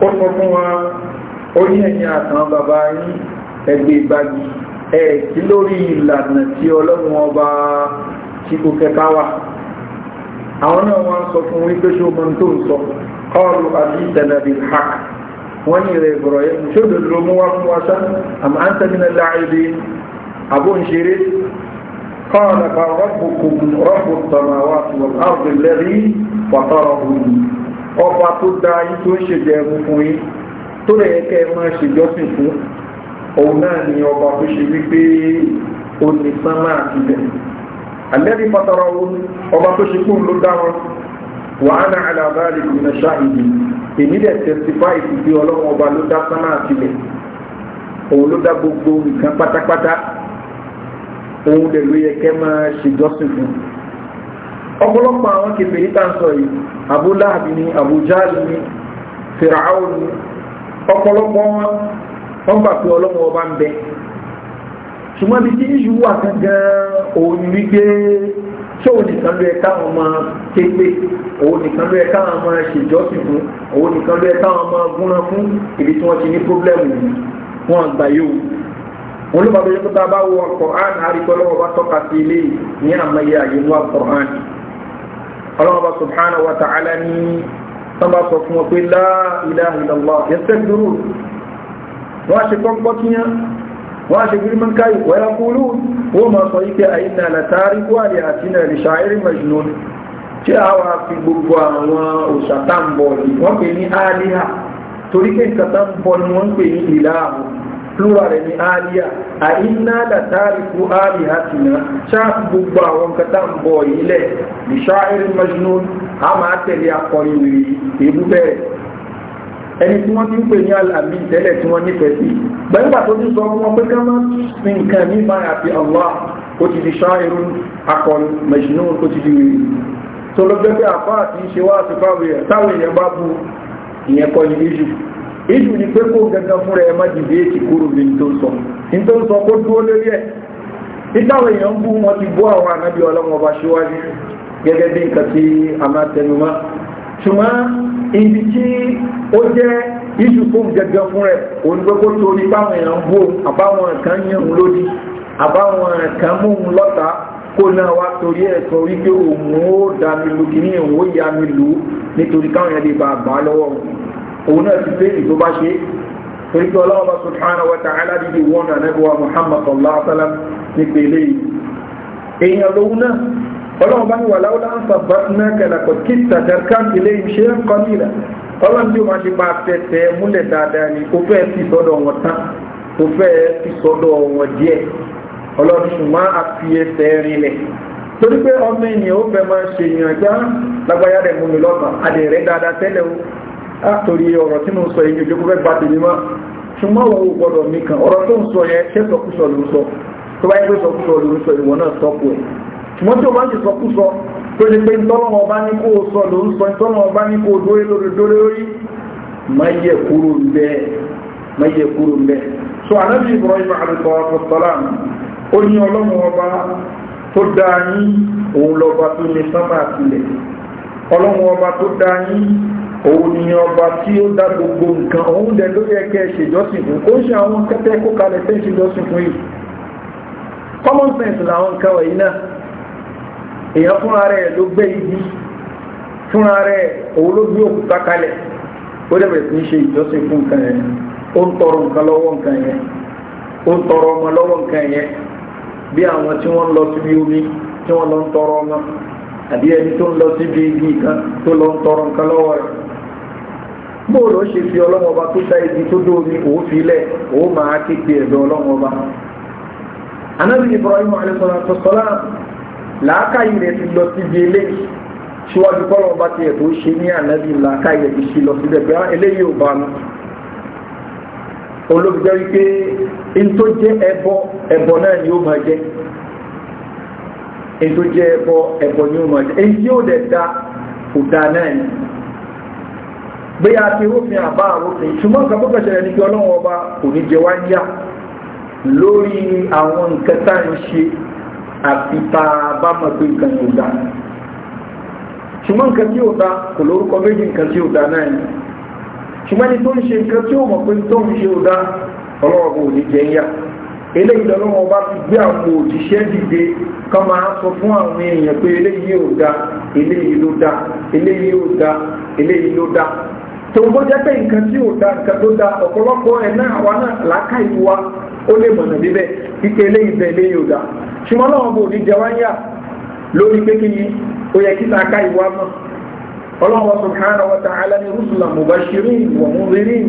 ó sọ fún wa ó ní ẹ̀yìn àtàn bàbá yín ẹgbẹ́ ìgbàgbì ẹ̀ẹ̀kí lórí ìlànà tí ọlọ́run ọba tí kò kẹta wà àwọn náà wọ́n sọ fún wípé ṣe ọmọ tó ń sọ kọlu àti ìtẹ̀nàbí hak wọ́n ní rẹ̀ ìbọ̀rọ̀ yẹn ṣé ó dòdò mú wá fún wa sá àmọ́ à ń tẹ́lẹ̀ láàyè àbó ń ṣeré kọ́ọ̀lù kan rọ́bù kùn rọ́bù tọ̀mà wà fún ọ̀rọ̀ ọba tó dá tó ń ṣèjẹun fún yín tó lè yẹ kẹ́ ẹ máa ṣèjọ́sìn fún òun náà ni ọba tó ṣe wípé ó ní sánmà àti ibẹ̀ àlẹ́bí ọba tó ṣe kún ló wọn wàhánà alábàárì ìgbìmọ̀ ṣáàyè èmi dẹ̀ tẹ̀sífà ìfìdí ọlọ́run ọba ló dá sánmà àti òun ló dá gbogbo nǹkan pátápátá òun dẹ̀ ló yẹ kẹ́ máa fún ọ̀pọ̀lọpọ̀ àwọn kèfè yìí tàn sọ yìí abúláàbì ni abújáàlì ni fìràáwò ni ọ̀pọ̀lọpọ̀ wọn wọ́n gbà pé ọlọ́mọ ọba ń bẹ ṣùgbọ́n bí tí ìṣù wà gangan òun wípé tí òun nìkan ló yẹ káwọn máa képe òun nìkan ló yẹ káwọn máa ṣèjọ́sìn fún òun nìkan ló yẹ káwọn máa gúnran fún ibi tí wọ́n ti ní pọ́blẹ́mù wọn àgbà yóò wọn ló bá bẹ yẹ kó tá a bá wọ Kùránì àríkọ́ lọ́wọ́ bá tọ́ka sí ilé ní àmọ́ àyè wọn Kùránì ọlọ́mọba subhanahu wa ta'ala ní sọ́mbà sọ fún wọn pé la ilaha illallah yẹsẹ̀ dúró wọ́n á ṣe pọ́npọ́ kíyàn wọ́n á ṣe girman káyì wọ́n kúlù wọ́n máa sọ ike àyínà látàrí wàlẹ̀ àti náà lè ṣàárín majnun tí àwọn afi gbogbo àwọn plural rẹ̀ ní aliya a iná da tariku aliya tina ṣáàfù gbogbo àwọn kata ń bọ̀ yìí lẹ̀ bí ṣáàrin majnun a máa tẹ̀lé akọrin wèrè èébú bẹ́ẹ̀ ẹni tí wọ́n ti ń pè ní alàmì tẹ́lẹ̀ tí wọ́n nífẹ̀ẹ́ sí gbẹ́gbà tó ti sọ fún wọn pé ká má fi wá àti fáwọn bá bu ìyẹn kọ́ ní ìjù ni pé kó gangan fúnra ẹ má dìde èsì kúrò bí n tó sọ n tó sọ kó dúró lórí ẹ ìtàwọn èèyàn ń bú wọn ti bú àwọn ànábì ọlọ́wọ́n ọba síwájú gẹ́gẹ́ bí nǹkan tí a máa tẹnumọ́ ṣùgbọ́n ibi tí ó jẹ́ ìjù fún gangan fúnra ẹ òun pé kó torí báwọn èèyàn ń bú àbáwọn kan yàn ń lódì àbáwọn kan mú un lọ́ta kó náà wá torí ẹ̀ sọ wípé òun ó dá mi lu kìíní òun náà ti pé ìtò bá ṣe torí pé ọlọ́wọ́ bá subhanahu wa ta'ala dídí wọn náà nẹ́bí wa muhammad sallallahu alaihi wa sallam ní pèlè yìí èèyàn lòun náà ọlọ́wọ́ bá ní wà láwùlá ń sàbá náà kẹlẹ̀kọ̀ kí tàjàkà ilé iṣẹ́ ń kọ́ nílẹ̀ ọlọ́run tí ó máa ṣe máa tẹ̀tẹ̀ múlẹ̀ dáadáa ni ó fẹ́ sí sọ́dọ̀ wọn tán ó fẹ́ sí sọ́dọ̀ wọn díẹ̀ ọlọ́run ṣùgbọ́n a fi ẹsẹ̀ rinlẹ̀ torí pé ọmọ ènìyàn ó fẹ́ máa ṣèyàn ẹgbẹ́ lágbáyà rẹ̀ mú mi lọ́kàn adìrẹ́ dáadáa tẹ́lẹ̀ àtòrí ọ̀rọ̀ tí mo sọ yìí ojú kó fẹ́ gba tèmi mọ́ ṣùgbọ́n wo gbọ́dọ̀ mi kan ọ̀rọ̀ tó ń sọ yẹn ṣé sọkúsọ ló ń sọ tó bá yẹ pé sọkúsọ ló ń sọ ìwọ náà sọkù ẹ̀ ṣùgbọ́n tí o máa ń ṣe sọkúsọ tó ṣe pé ntọ́lọ́wọ́ bá ní kó so anábì Ibrahim alayhi salam ó ní ọlọ́run ọba tó dáa yín òun lọ́ba tó ní sánmà òun ni ọba tí ó dá gbogbo nǹkan òun dẹ̀ ló yẹ kẹ́ ṣèjọ́sìn fún kó ń ṣe àwọn kẹ́tẹ́ kó kalẹ̀ fẹ́ ṣèjọ́sìn fún yìí common sense làwọn nǹkan wọ̀nyí náà èèyàn fúnra rẹ̀ ló gbé igi fúnra rẹ̀ òun ló gbé òkúta kalẹ̀ ó dẹ̀ bẹ̀rẹ̀ sí ṣe ìjọ́sìn fún nǹkan yẹn ó ń tọrọ nǹkan lọ́wọ́ nǹkan yẹn ó ń tọrọ ọmọ lọ́wọ́ nǹkan yẹn bí àwọn tí wọ́n lọ síbi omi tí wọ́n lọ ń tọrọ ọmọ àbí ẹni tó ń lọ síbi igi kan tó lọ ń tọrọ nǹkan lọ́wọ́ rẹ̀ bóòlù ó ṣe fi ọlọ́run ọba tó dá igi tó dóomi òun fi lẹ̀ òun máa képe ẹ̀dọ̀ ọlọ́run ọba anábì Ibrahim alayhi salaam làákàyè rẹ̀ ti lọ síbi eléyìí síwájú kọ́lọ̀ ọba tiẹ̀ tó ṣe ní ànábì làákàyè rẹ̀ ti ṣe lọ síbẹ̀ pé ah, eléyìí ò bá mi olóògbé wípé ntó jẹ ẹbọ ẹbọ náà ni ó máa jẹ ntó jẹ ẹbọ ẹbọ ni ó máa jẹ èyí tí ó dẹ̀ da kò bóyá a ti rúfin àbá àrúfin ṣùgbọ́n nǹkan tó kẹsẹ̀rẹ̀ ní kí ọlọ́run ọba kò ní jẹ wá yá lórí àwọn nǹkan tá à ń ṣe àti tá a bá mọ̀ pé nǹkan tó dá ṣùgbọ́n nǹkan tí ò dá kò lórúkọ méjì nǹkan tí ò dá náà ni ṣùgbọ́n ẹni tó ń ṣe nǹkan tí ó mọ̀ pé tó ń ṣe ò dá ọlọ́run ọba ò ní jẹ yá eléyìí lọ́lọ́run ọba fi gbé àwọn òjíṣẹ́ dìde kọ́ máa sọ fún àwọn èèyàn pé eléyìí ò dá eléyìí ló dá eléyìí ò dá eléyìí ló dá tòun bó jẹ́ pé nǹkan tí ò da nǹkan tó da ọ̀pọ̀lọpọ̀ ẹ̀ náà àwa náà làákà ìwà ó lè mọ̀nà bíbẹ̀ kíkẹ́ ilé ìbẹ̀ ilé yóò da ṣùgbọ́n náà bò ní jẹ wáyà lórí pé kí ni ó yẹ kí làákà ìwà mọ̀ ọlọ́run subhanahu wa ta'ala ní rusula mubashirin wa munzirin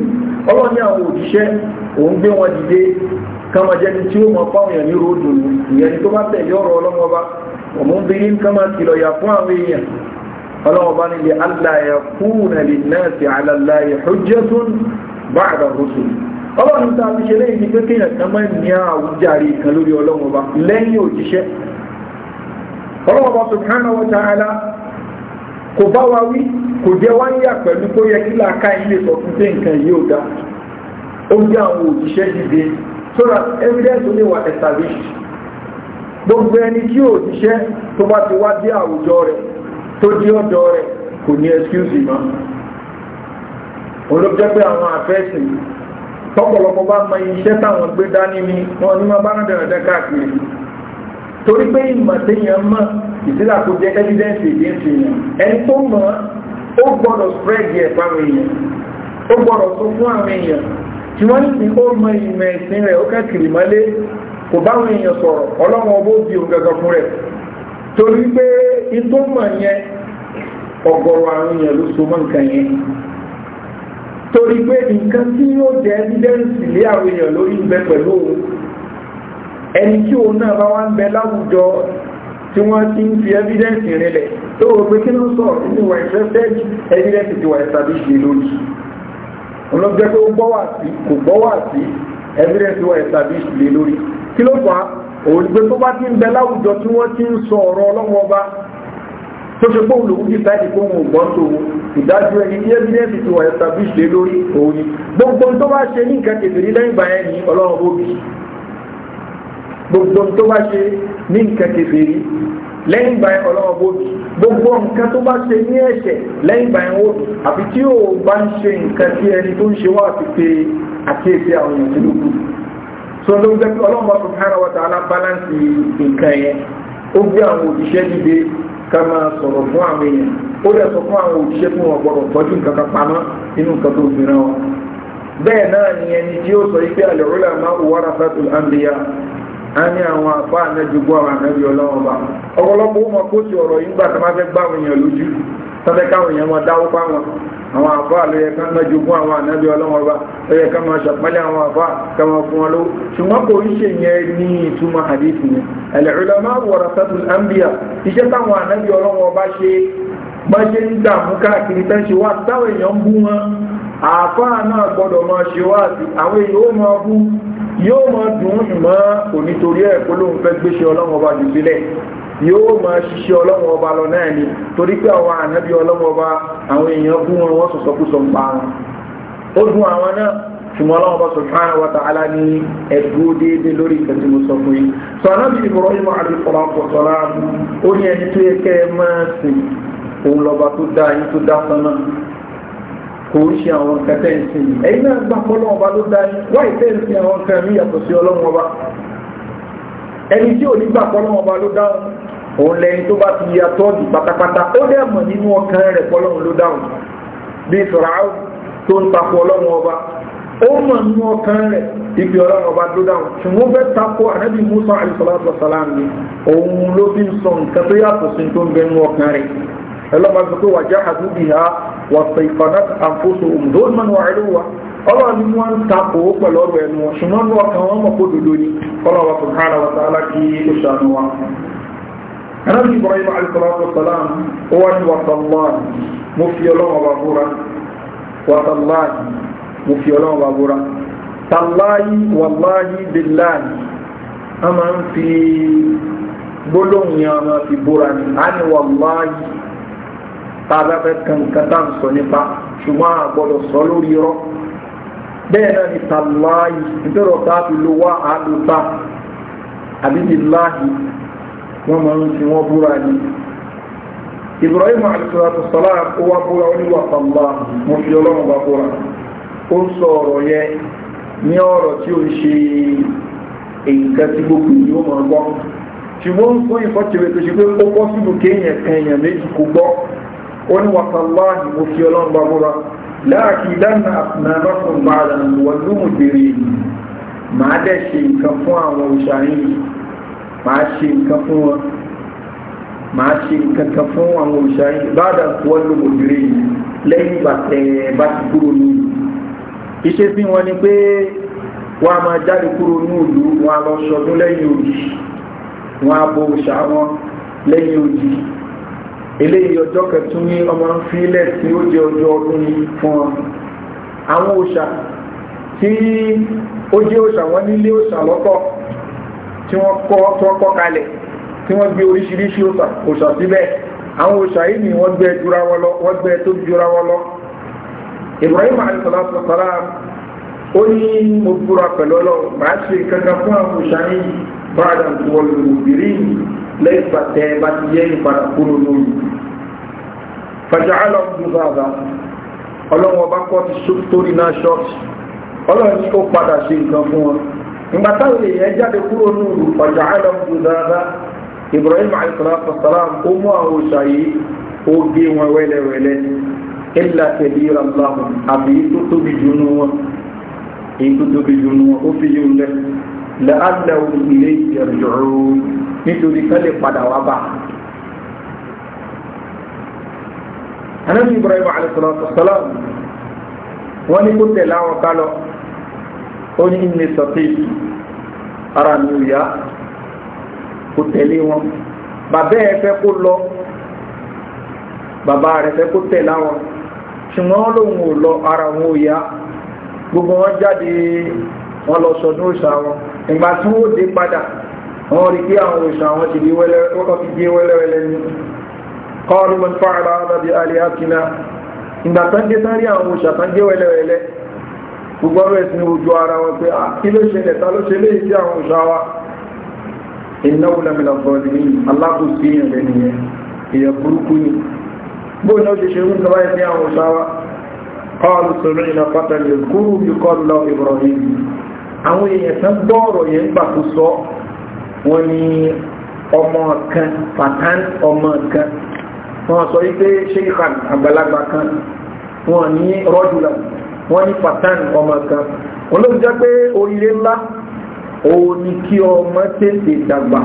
ọlọ́run ní àwọn òjíṣẹ́ òun gbé wọn dìde kama jẹni tí ó mọ fáwọn èèyàn ní ròdùn ìyẹn tó bá tẹ̀lé ọ̀rọ̀ ọlọ́run ọba òun kama kìlọ̀ yà fún àwọn èèyàn ọlọ́wọ́ bá níbi aláyà kúnà lè náà sí aláyà hujjatun ba'da rusul ọlọ́wọ́ ní tàbí ṣe lẹ́yìn ní pé kéèyàn kan máa ní àwùjáre kan lórí ọlọ́wọ́ bá lẹ́yìn òjíṣẹ́ ọlọ́wọ́ bá subhanahu wa ta'ala kò bá wa wí kò jẹ́ wá ń yà pẹ̀lú kó yẹ kí làákà ilé sọ fún nǹkan yìí dá ó jẹ́ àwọn òjíṣẹ́ dìde so that evidence only was established gbogbo ẹni tí òjíṣẹ́ tó bá ti wá dé àwùjọ rẹ̀ tó di ọ̀dọ̀ rẹ̀ kò ní ẹ̀skúsì ma olóòjẹ́ pé àwọn àfẹ́sìn tọ́pọ̀lọpọ̀ bá ma iṣẹ́ táwọn gbé dání ni wọ́n ní máa bá rán dẹ̀rẹ̀dẹ̀ káàkiri torí pé ìmọ̀ téèyàn mọ̀ ìsílà kò jẹ́ evidence against ẹni tó mọ̀ ó gbọ́dọ̀ fáwọn èèyàn ó gbọ́dọ̀ fún àwọn èèyàn tí wọ́n ní ó mọ ìmọ̀ ẹ̀sìn rẹ̀ torí pé ìtò mọ̀ yẹn ọ̀gọ̀rọ̀ àrùn yẹn ló so mọ́ nǹkan yẹn torí pé nǹkan tí yóò jẹ́ evidence lé àwọn èèyàn lórí ń bẹ pẹ̀lú òun ẹni tí òun náà bá wá ń bẹ láwùjọ tí wọ́n ti ń fi evidence rinlẹ̀ tó o pé kí ló sọ nínú ìwà ìfẹ́fẹ́ evidence ti wà established lórí òun ló jẹ́ pé ó gbọ́ wà sí kò gbọ́ wà sí evidence wà established lórí kí ló fà á òun gbé tó bá ti ń bẹ láwùjọ tí wọ́n ti ń sọ ọ̀rọ̀ ọlọ́wọ́ bá tó ṣe pé olùkú ti táyì kó òun gbọ́n tó wù ìdájọ́ ẹni ní ẹ́bídẹ́ẹ̀sì ti wà ẹ́sàbíṣe lórí òun ni gbogbo tó bá ṣe ní nǹkan kẹfìrí lẹ́yìn ìgbà yẹn ní ẹni tó ń sọ jẹ́ ọlọ́mọ ta'ala balance nǹkan yẹn ó gbé àwọn òṣìṣẹ́ dìde ká máa sọ̀rọ̀ fún àwọn èèyàn ó dẹ̀ sọ fún àwọn òṣìṣẹ́ fún wọn gbọ́dọ̀ tọ́jú nǹkan kan pamọ́ nínú nǹkan tó wọn bẹ́ẹ̀ náà ni ẹni tí ó sọ pé á ní àwọn àfa ànájú gbọ́ àwọn ọlọ́wọ́ bá ọ̀pọ̀lọpọ̀ ó mọ tọ́fẹ́ káwọn èèyàn máa dáwó fáwọn àwọn àfáà ló yẹ kán máa jogún àwọn ànábì ọlọ́wọ́n ọba ló yẹ kán máa ṣàpálẹ̀ àwọn àfáà kán máa fún wọn lówó ṣùgbọ́n kò ń ṣe yẹn ní ìtumọ̀ hadith yẹn al-ulama warasatul anbiya iṣẹ́ táwọn ànábì ọlọ́wọ́n ọba ṣe bá ṣe ń dààmú káàkiri tẹ́ ṣe wá táwọn èèyàn ń bú wọn àfáà náà gbọ́dọ̀ máa ṣe wá àti àwọn èèyàn ó máa bú yóò máa dùn ún ṣùgbọ́n kò nítorí ẹ̀ kó lóun fẹ́ gbéṣẹ́ ọlọ́wọ́n ọba jù sílẹ̀ yóò máa ṣiṣẹ́ ọlọ́wọ́ ọba lọ náà ni torí pé àwọn ànábì ọlọ́wọ́ ọba àwọn èèyàn kú wọn wọ́n sọ̀sọ́ kú sọ ń pa wọn ó dùn àwọn náà ṣùgbọ́n ọlọ́wọ́ ọba subhanahu wa ta'ala ní ẹ̀dúró déédéé lórí ìfẹ́ tí mo sọ fún yín sọ ànábì Ibrahim alayhi salatu wa salam ó ní ẹni tó yẹ kẹ́ ẹ máa sìn òun lọ́ba tó dá yín tó dá sánmà kò ń ṣe àwọn nǹkan ẹni tí ò ní gbà pé ló dá òun lẹ́yìn tó bá ti ya tọ́jú pátápátá ó dẹ̀ mọ̀ nínú ọkàn rẹ̀ pọ́lọ́run ló dáhùn bí Fáráò tó ń takò ọlọ́run ọba ó mọ̀ nínú ọkàn rẹ̀ ibi ọlọ́run ọba ló dáhùn ṣùgbọ́n fẹ́ takò ànábì Musa alayhisalatu wasalam ni òun ló fi ń sọ nǹkan tó yàtọ̀ sí tó ń bẹ nínú ọkàn rẹ̀ ẹlọ́mọ sọ pé wàjá àdúgbì ha wà sèkànnà àǹfóso òmùdóòmùn wà ẹlú wa ọlọ́run ni wọ́n ń takò anábì ibrahim alayhi salam ó wá ní wàtàláàdì mo fi ọlọ́wọ́ bá búra wàtàláàdì mo fi ọlọ́wọ́ bá búra tàláyì wàláyì bíláàdì a máa ń fi gbólóhùn yẹn a máa fi búra ní a ní wàláyì tàbá fẹ́ kankan tá à ń sọ nípa ṣùgbọ́n a gbọ́dọ̀ sọ lórí irọ́ bẹ́ẹ̀ náà ni tàláyì nítorí ọ̀tá fi lo wá àádọ́ta àbí bíláàdì wọ́n máa ń fi wọ́n búra ni Ibrahim alayhisalatu salam ó wá búra ó ní wàtàlá mo fi ọlọ́run bá búra ó ń sọ ọ̀rọ̀ yẹn ní ọ̀rọ̀ tí ó ń ṣe nǹkan tí gbogbo ìlú ó máa gbọ́ ṣùgbọ́n ń fún ìfọ́tìrẹ tó máa ṣe nǹkan fún wọn máa ṣe fún àwọn òṣà yìí báàdà ti kúrò wọn ni pé a máa jáde kúrò ní ìlú wọn a lọ ṣọdún wọn a bọ òṣà wọn lẹ́yìn òjì eléyìí ọjọ kẹtù ní ọmọ fílẹ̀ tí ó jẹ́ ọjọ ọdún fún wọn àwọn òṣà tí ó òṣà wọn nílé òṣà lọkọ. tí wọ́n kọ́ kalẹ̀ tí wọ́n gbé oríṣiríṣi òṣà síbẹ̀ àwọn òṣà yìí ni wọ́n gbé jura wọn lọ wọ́n gbé tó jura wọn lọ Ibrahim alayhisalatu salam ó ní mo búra pẹ̀lú ọlọ́run màá ṣe kankan fún àwọn òṣà yìí báadà tó wọ́n lò obìnrin lẹ́yìn pàtẹ́ bá ti yẹ ìpadà kúrò lórí fàjáàlọ́ dùgbà bá ọlọ́run ọba kọ́ ti sórí náà ṣọ́ọ̀ṣì ọlọ́run ní ó padà ṣe nǹkan fún wọn ìgbà táwọn èèyàn jáde kúrò ní ìlú ọjà àìlọ́mùdù dáadáa ibrahim alayhisalatu wasalam ó mú àwọn òòṣà yìí ó gé wọn wẹ́lẹ́wẹ́lẹ́ ilà tẹ̀lé ìrànláwọ̀ àbí tó tóbi jù nù wọn èyí tó tóbi wọn ó fi yí lẹ la'allahu ilayhi yarji'un nítorí kálí padà wá bá anabi ibrahim alayhisalatu wọn ní kó tẹ̀lé àwọn kálọ̀ ó ní ilé sọ̀tẹ́ẹ̀kì ara mi ò yá kò tẹ̀lé wọn bàbá ẹ fẹ́ kó lọ bàbá rẹ fẹ́ kó tẹ̀ láwọn ṣùgbọ́n lòun ò lọ ara wọn ò yá gbogbo wọn jáde wọn lọ sọdún òòṣà wọn ìgbà tí wọn ò dé padà wọn rí pé àwọn òòṣà wọn ti di wẹ́lẹ́wẹ́lẹ́ ní kọ́ọ̀lù mọ́tò fáwọn aláwọ̀ bíi alẹ́ àkínà ìgbà tán dé tán rí àwọn òòṣà tán dé wẹ́lẹ́wẹ́lẹ́ gbogbo ọ̀rọ̀ ẹ̀sìn ojú ara wọn pé ah, kí ló ṣẹlẹ̀ ta ló ṣe léyìí sí àwọn òṣà wa ìnáwó lẹ́mìnà sọ̀rọ̀ ní alábòsí èèyàn rẹ̀ nìyẹn èèyàn burúkú ni bóyá náà ṣe ṣe ń ọmọ kan pàtán ọmọ kan wọn sọ wípé ṣé àgbàlagbà kan wọn ní rọ́jùlá wọ́n ní pàtàn ọmọ kan olóòtú jẹ́ pé oríire ńlá òun ni kí ọmọ tètè dàgbà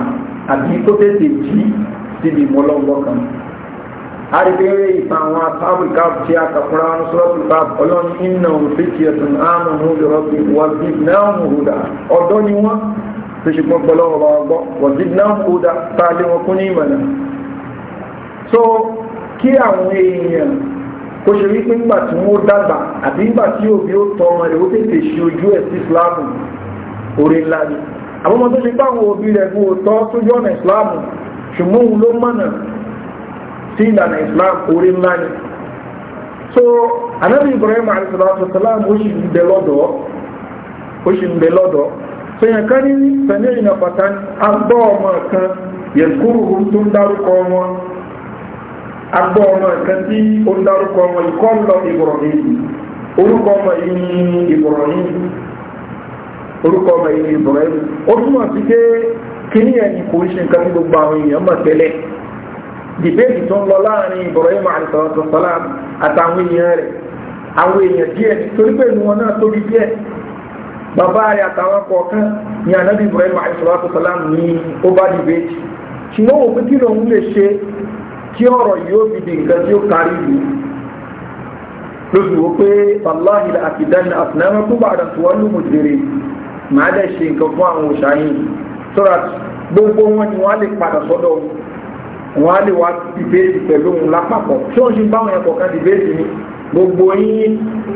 àbí kó tètè jí síbi ìmọ̀lọ́gbọ́ kan àríwéèrè ìtàn àwọn afáríkà tí a kàkúrà ń sọ́ọ̀tù bá ọlọ́run iná òfìsì ẹ̀sùn àánú múlò wọ́n so kí ó ṣe wípé ńgbà tí wọ́n dàgbà àbí ńgbà tí òbí ó tọ́ ọmọ rẹ̀ ó tètè ṣe ojú ẹ̀ sí islamu orí ńlá ni àwọn ọmọ tó ṣe báwọn òbí rẹ̀ bú ọ̀tọ́ tó jọ́ ọ̀nà islamu ṣùgbọ́n òun ló mọ̀nà sí ìlànà islam orí ńlá ni so anabi ibrahim alayhisalatu wasalam ó sì ń bẹ lọ́dọ̀ ó sì ń bẹ lọ́dọ̀ so yẹn ká ní sẹ́ni ìnàpàtà agbọ́ ọmọ kan yẹn kúrò tó ń dárúkọ wọn agbọ́ ọmọ nǹkan tí ó ń dárúkọ ọmọ ikọ́ ń lọ orúkọ ọmọ yìí ní Ibrahim orúkọ ọmọ yìí ní Ibrahim ó túmọ̀ sí pé kíní ẹ̀ kò ṣe nǹkan gbogbo àwọn èèyàn mọ̀ tẹ́lẹ̀ dìbéètì tó ń lọ láàrin Ibrahim àìsàn sàlám àtàwọn èèyàn rẹ̀ àwọn èèyàn díẹ̀ torí pé wọn náà tóbi díẹ̀ bàbá rẹ̀ àtàwọn kọ̀ọ̀kan ní kí ọ̀rọ̀ yóò fi di nǹkan tí ó kárí ìlú lóṣù wo pé wàláhì àkìdánù àtìnáwó tó bàdà tó wọ́n lùmù jèrè màá dẹ̀ ṣe nǹkan fún àwọn òṣàyìn sọ́ra gbogbo wọn ni wọ́n á lè padà sọ́dọ̀ wọn á lè wá dìbéètì pẹ̀lú òun lápapọ̀ tí wọ́n ṣe ń báwọn ẹ̀kọ́ kan ni gbogbo yín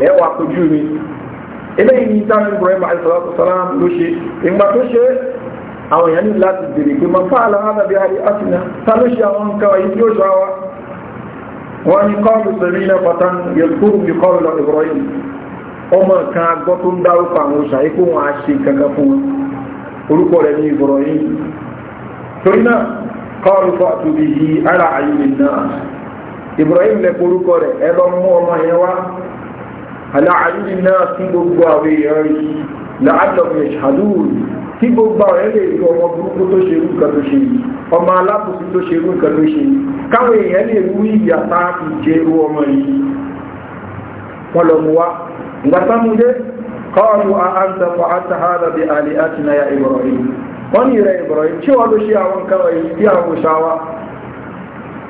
ẹ̀ wà kojú mi àwọn èèyàn ní láti bèèrè pé mọ́ fáàlà ádàbí àrí àtìná tàbíṣì àwọn nǹkan wáyé tí ó ṣá wá wọ́n ní kọ́ọ̀lù sẹ̀rí iná pátá yẹ̀kúrù ní kọ́ọ̀lù lọ Ibrahim ọmọ kan agbọ́ tó ń dárúkọ àwọn òṣà ikú wọn á ṣe kankan fún wọn orúkọ rẹ̀ ní Ibrahim kí gbogbo ọ̀rẹ́ lè rí ọmọ burúkú tó ṣe irú nǹkan tó ṣe yìí ọmọ alábùkún tó ṣe irú nǹkan tó ṣe yìí káwọn èèyàn lè wú ìyàtá ìjẹ irú ọmọ yìí wọ́n lọ mú wá ìgbà sámúdé kọ́ọ̀lù àǹtà fún àtàhàdà bí àlè àti náyà Ibrahim wọ́n ní rẹ̀ Ibrahim tí wọ́n ló ṣe àwọn nǹkan wọ̀nyí bí àwọn òṣàwà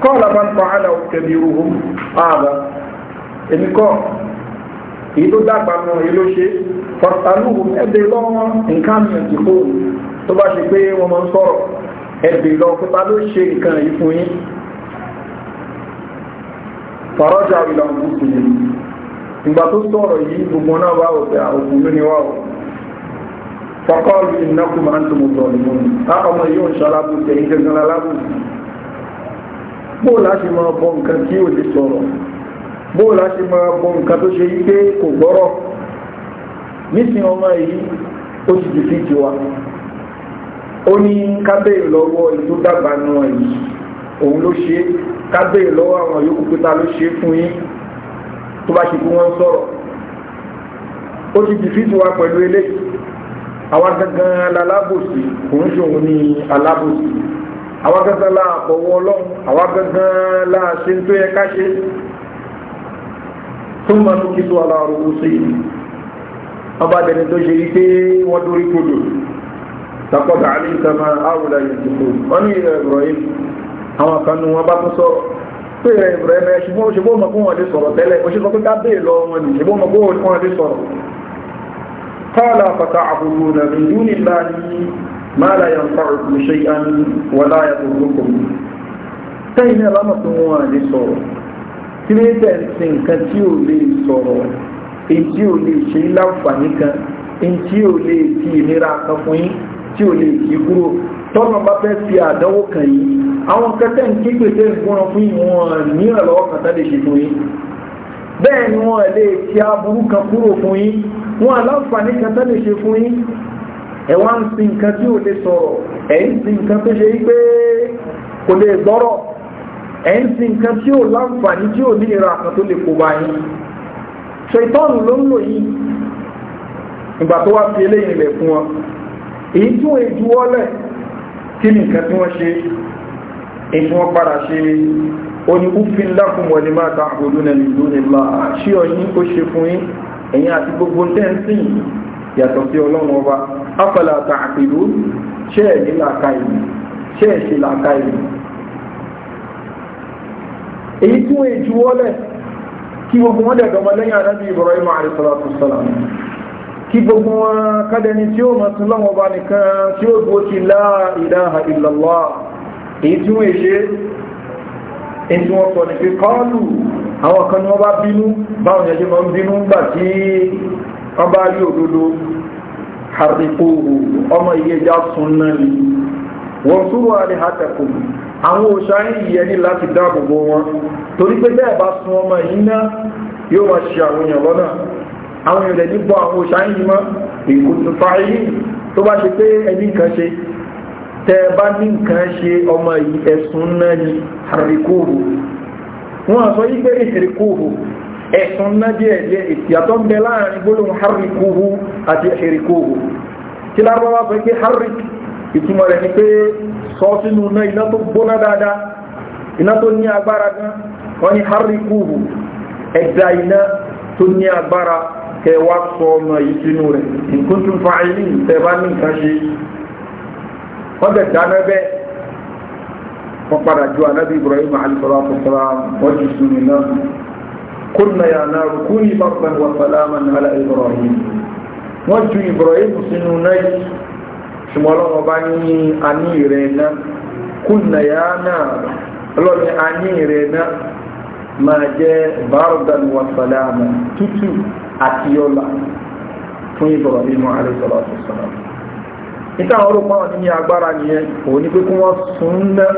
kọ́ọ̀lù àbá ń pa àlà òkèbí fọ̀tàlùwò ẹ̀bẹ̀ lọ́wọ́ nǹkan mi ẹ̀jì kó tó bá ṣe pé wọ́n máa ń sọ̀rọ̀ ẹ̀bẹ̀ lọ pípa ló ṣe nǹkan yìí fún yín fọ̀rọ̀jà ìlà òkúkú yìí ìgbà tó sọ̀rọ̀ yìí gbogbo náà wà òfin òkú ló ní wà ó fọkọ́ọ̀lù ìnákù máa ń tó mo sọ̀rọ̀ mọ́ ni á ah, ọmọ yìí ò ń ṣalábù tẹ̀ ń gẹ́gẹ́ alábù bó láti máa bọ nǹkan tí ò lè sọ̀rọ̀ bó láti máa bọ nísìn ọmọ yìí ó ti dìfí ti wa ó ní kábẹ́ẹ̀ lọ́wọ́ ètò dàgbà náà yìí òun ló ṣe kábẹ́ẹ̀ lọ́wọ́ àwọn yòókù pé ta ló ṣe fún yín tó bá ṣe kí wọ́n sọ̀rọ̀ ó ti dìfí ti wa pẹ̀lú eléyìí àwa gangan lalábòsí òun ṣòun ní alábòsí àwa gangan la àbọ̀wọ́ ọlọ́run àwa gangan la ṣe tó yẹ ká ṣe tó máa ń kí tó aláàrú ó sí yìí ọba dẹni tó ṣe yí pé wọ́n dórí kodò takọ́dà alíkàmá àwùlà ìdìbò wọ́n ní ilẹ̀ Ibrahim àwọn kan nu wọn bá tún sọ̀rọ̀ pé ilẹ̀ Ibrahim ẹ ṣùgbọ́n ṣe bóun mọ̀ kó wọn lè sọ̀rọ̀ tẹ́lẹ̀ ó ṣe sọ pé ká bèè lọ wọn ni ṣe bóun kó wọn lè sọ̀rọ̀ kọ́ọ̀lá fata àbúrò nà mí dúnì láàyè má la yàn fa òkú ṣe án wà láyà tó tó kòmù tẹ́yìn náà lámọ̀ tó wọn lè sọ̀rọ̀ etí ò lè ṣe é láǹfààní kan etí ò lè fi ìnira kan fún yín tí ò lè kí kúrò tọ́nà bá fẹ́ fi àdánwò kàn yín àwọn kẹtẹ́ ń kí pèsè ìgbóran fún ìwọ̀n ní ọ̀lọ́wọ́ kan tá lè ṣe fún yín bẹ́ẹ̀ ni wọ́n lè ti aburú kan kúrò fún yín wọ́n aláǹfààní kan tá lè ṣe fún yín ẹ wá ń sin nǹkan tí ò lè sọ̀rọ̀ ẹ̀ ń sin nǹkan tó ṣe pé kò lè gbọ́rọ̀ ẹ̀ ń sin nǹkan tí ò láǹfààní tí ò ní ìra kan tó lè kó yín ṣètọ́nù ló ń lò yìí ìgbà tó wá fi eléyìn ilẹ̀ fún wọn èyí tí wọ́n èjú wọ́lẹ̀ kí ni nǹkan tí wọ́n ṣe èyí wọ́n padà ṣe oní ufin lakum wa lima ta'buduna min dunillah ṣí ọyìn ó ṣe fún yín ẹ̀yin àti gbogbo tẹ́ǹsìn yàtọ̀ sí ọlọ́run ọba afala ta'qilun ṣé èyí tí èjú wọ́lẹ̀ kí gbogbo wọn dẹ̀ dọmọ lẹ́yìn anábì Ibrahim alayhi salatu wassalam kí gbogbo wọn kádẹni tí ó mọ̀ tún lọ́wọ́ bá nìkan tí ó dúró ti la ilaha illallah èyí tí wọ́n ṣe àwọn òṣà ń yẹ ní láti dáàbò bò wọn torí pé bẹ́ẹ̀ bá sun ọmọ yìí ná yóò máa ṣe àwọn èèyàn lọ́nà àwọn èèyàn lè ní bọ àwọn òṣà ń yìí mọ́ ìkùtù fàáyì tó bá ṣe pé ẹni kan ṣe tẹ bá ní nǹkan ṣe ọmọ yìí ẹ̀sùn náà ni àríkóòrò wọn àsọ yí pé ìṣèríkóòrò ẹ̀sùn náà díẹ̀ díẹ̀ ìtìyàtọ̀ ń bẹ láàrin gbólóhùn àríkóòrò àti ìṣèríkóòrò tí lárúbáwá sọ pé àríkóòrò ìtumọ̀ rẹ̀ ni pé sọ sínú iná iná tó gbóná dáadáa iná tó ní agbára gan wọ́n ní harikuhu ẹ̀dá iná tó ní agbára kẹwàá sọ ọmọ yìí sínú rẹ̀ nǹkan tún fa ilé ìtẹ́bá ní nǹkan wọ́n bẹ̀ dáná bẹ́ẹ̀ wọ́n padà ju anábì Ibrahim alisalaamusala wọ́n ju Ibrahim sínú náà ṣùgbọ́n ọlọ́run ọba ní aní rẹ̀ náà kùnà yá náà ọlọ́run aní rẹ̀ náà máa jẹ́ bárọ̀dàn wà sàlámà tútù àti ọlá fún Ibrahim alayhi salatu wassalam níta àwọn olùkọ́ àwọn ní agbára nìyẹn òun ni pé kí wọ́n sùn náà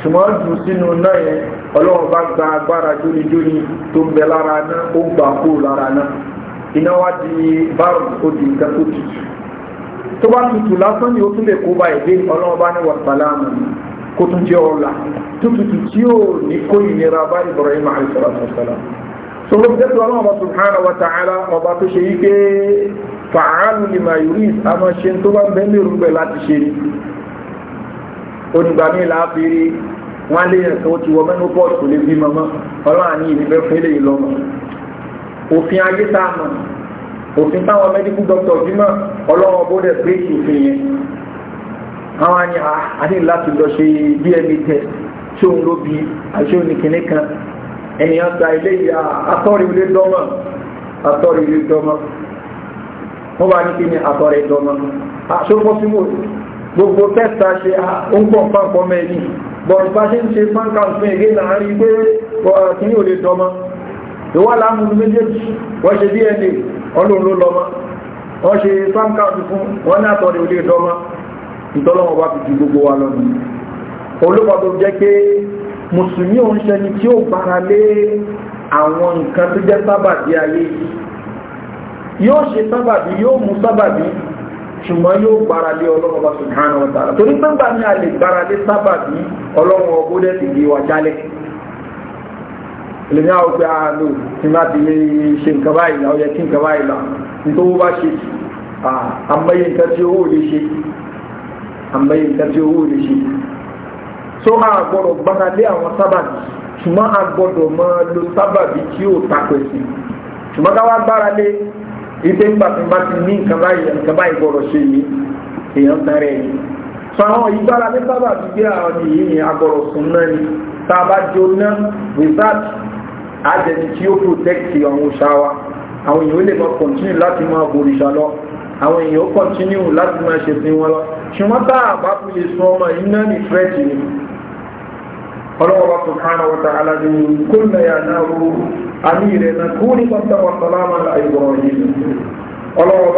ṣùgbọ́n jù sínú náà yẹn ọlọ́run bá gba agbára jónijóni tó ń bẹ lára náà ó gbà kúrò lára náà iná wá di bárọ̀dàn ó di nǹkan tó tutù tó bá tutù lásán ni ó tún lè kó bá ìdí ọlọ́run bá ní wàsálàmù kó tún jẹ́ ọ̀la tó tutù tí ó ní kó ìnira bá Ibrahim alayhi salam sọlọ bí dẹ́tù ọlọ́run bá subhanahu wa ta'ala ọba tó ṣe yí pé fàánù ni mà yìí a ṣe tó bá bẹ́ẹ̀ lérò pẹ̀ láti ṣe ni onígbà mi láàbírí wọn lé yẹn tó ti wọ mẹ́nu pọ́ọ̀tù lè bí mọ́mọ́ ọlọ́run àní ìdíbẹ́ fẹ́lẹ́ ìlọ́mọ òfin ayé òfin táwọn medical doctor jímọ̀ ọlọ́wọ́n bó dẹ̀ pé òfin yẹn àwọn àni àní ah, láti lọ ṣe DNA test tí òun ló bi àti òun nìkíní kan ènìyàn ta ilé ìyá ah, atọ́rí ilé dọ́mọ̀ atọ́rí ilé dọ́mọ̀ wọ́n bá ní kí ni atọ́rí dọ́mọ̀ àṣọ́fọ́síwò ah, gbogbo tẹ́ta ṣe ń pọ̀ pàpọ̀ mẹ́rin bọ̀n bá ṣe ń ṣe pàǹkà fún ègé láàárín pé kí ni ò lè dọ́mọ̀ ìwọ́n láàmú méjèèjì wọ́n ṣe DNA ọlọ́run ló lọ́mọ wọ́n ṣe pamcard fún wọ́n ní àtọ́rẹ̀ olè dọ́mọ ìtọ́lọ́wọ́ bá fi ju gbogbo wa lọ nù olùkọ́ tó jẹ́ pé mùsùlùmí òun ṣẹni tí ó gbára lé àwọn nǹkan tó jẹ́ sábàbí ayé yóò ṣe sábàbí yóò mú sábàbí ṣùgbọ́n yóò gbára lé ọlọ́run ọba subhanahu wa ta'ala èlèmí àwọn pé a ah, lò ní láti lè ṣe nǹkan báyìí la ó yẹ kí nǹkan báyìí la nítorí bá ṣe àmọye ah, nǹkan tí owó lè ṣe àmọye nǹkan tí owó lè ṣe so a gbọ́dọ̀ gbára lé àwọn sábàbí ṣùgbọ́n a gbọ́dọ̀ máa lo sábàbí tí ó takò ẹ̀sìn ṣùgbọ́n káwá gbára lé ipe ń gbàtí bá ti ní nǹkan báyìí nǹkan báyìí gbọ́dọ̀ ṣe yìí èèyàn tẹrẹ ẹ sọ ìgbára lé sábàbí bí àwọn yìí ni agbọ́dọ̀ sùn náà ni tá a bá jóná without àjẹni tí ó protect àwọn òṣà àwọn èèyàn ó lè continue láti máa bòrìṣà lọ àwọn èèyàn ó continue láti máa ṣèsìn wọn lọ ṣùgbọ́n a bá fi lè sun ọmọ iná ní threat ni ọlọ́wọ́ subhanahu wa ta'ala ni kúlẹ̀ yà náà rú àmì rẹ̀ náà kú ní pátá wa sàlámà àìbọ̀rọ̀ yìí ọlọ́wọ́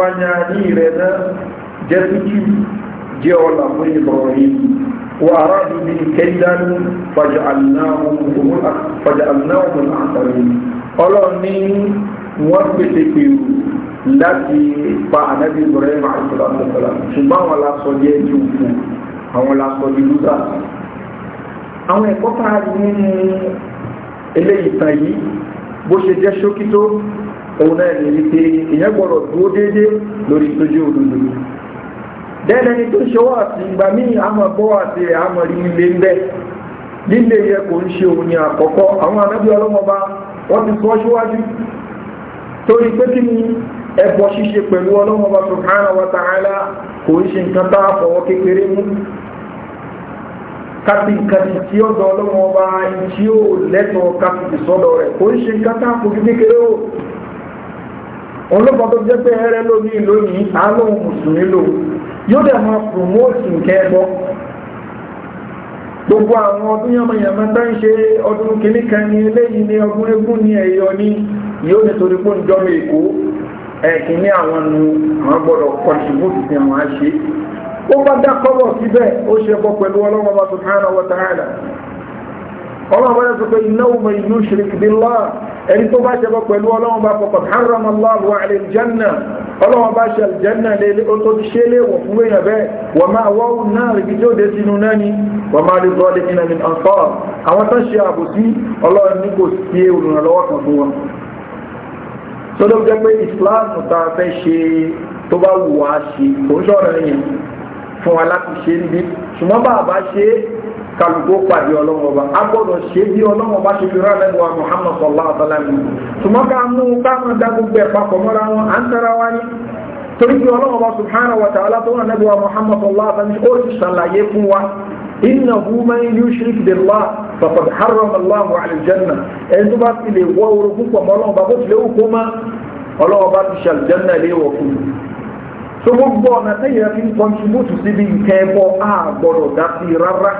bá وأرادوا به كيدا فجعلناهم فجعلناهم الأخسرين ọlọ́run ní wọ́n pèsè pèrò láti pa ànábì Ibrahim àìsàlátàlá ṣùgbọ́n àwọn lásọ jẹ́ ẹni òfin àwọn lásọ di lúdà àwọn ẹ̀kọ́ káàdì nínú eléyìí tàn yìí bó ṣe jẹ́ ṣókító òun náà ní wípé èèyàn gbọ́dọ̀ dúró déédéé lórí dẹ́lẹ́ni tó ṣọwọ́ àti ìgbà míì àmọ̀ bọ́ àti àmọ̀ rí ń bẹ́ yẹ kò ń ṣe àkọ́kọ́ àwọn anábí ọlọ́mọba wọ́n ti sọ síwájú torí pé kí ni ṣíṣe pẹ̀lú ọlọ́mọba kò ń ṣe nǹkan tá a fọwọ́ kékeré mú nǹkan ti tí ọlọ́mọba tí ó lẹ́tọ̀ọ́ sọ́dọ̀ rẹ̀ kò ń ṣe nǹkan tá a fojú kékeré o olóòpọ̀ tó jẹ́ pé ẹrẹ́ lónìí lónìí yóò dẹ̀ máa promote nke ẹbọ gbogbo àwọn ọdún yamayama tó ń ṣe ọdún kìíní kan ní eléyìí ní ọdún eégún ní ẹ̀yọ ní yóò nítorí pé ń jọmọ èkó ẹ̀kìn ní àwọn nu àwọn gbọ́dọ̀ contribute sí àwọn àṣe ó bá dá kọ́bọ̀ síbẹ̀ ó ṣe bọ́ pẹ̀lú ọlọ́wọ́ bá tó ọlọ́wọ́n bá ṣe àlìjẹ́nà lè ó tó ti ṣe léwọ̀ fún èèyàn bẹ́ẹ̀ wọ́n máa wọ́wù náà rí tí ó dé sínú náà ni wọ́n máa lè gọ́ọ̀lẹ̀ nínú ẹni ọ̀sọ́ àwọn tó ṣe ààbò sí ọlọ́run ní kò sí olùrànlọ́wọ́ kan fún wọn tó ló jẹ́ pé Islam ta fẹ́ ṣe tó bá wù wá ṣe kò ń yẹn fún wa láti ṣe níbi ṣùgbọ́n bá a bá ṣe kálukú pàdé ọlọ́wọ́ bá a gbọ́dọ̀ ṣe bí ọlọ́wọ́ bá ṣe fi rán wa Muhammad sallallahu alaihi wa sallam tùmọ́ ká mú ká mọ̀ dá gbogbo ẹ̀ papọ̀ mọ́ra wọn à ń tara wa ní torí pé ọlọ́wọ́ subhanahu wa ta'ala tó rán lẹ́nu wa Muhammad sallallahu alaihi wa sallam ó ti ṣàlàyé fún wa innahu man yushrik billah faqad harrama Allahu alaihi janna ẹni tó bá ti lè wọ orogún pọ̀ mọ́ ọlọ́wọ́ bá bó tilẹ̀ ó kó má ọlọ́wọ́ bá ti ṣàlùjẹ́nà lé wọ̀ fún un so gbogbo ọ̀nà tẹ́yẹ̀ fi ń kọ́ntribútù síbi nǹkan ẹ̀kọ́ a gbọ́dọ̀ dá sí rárá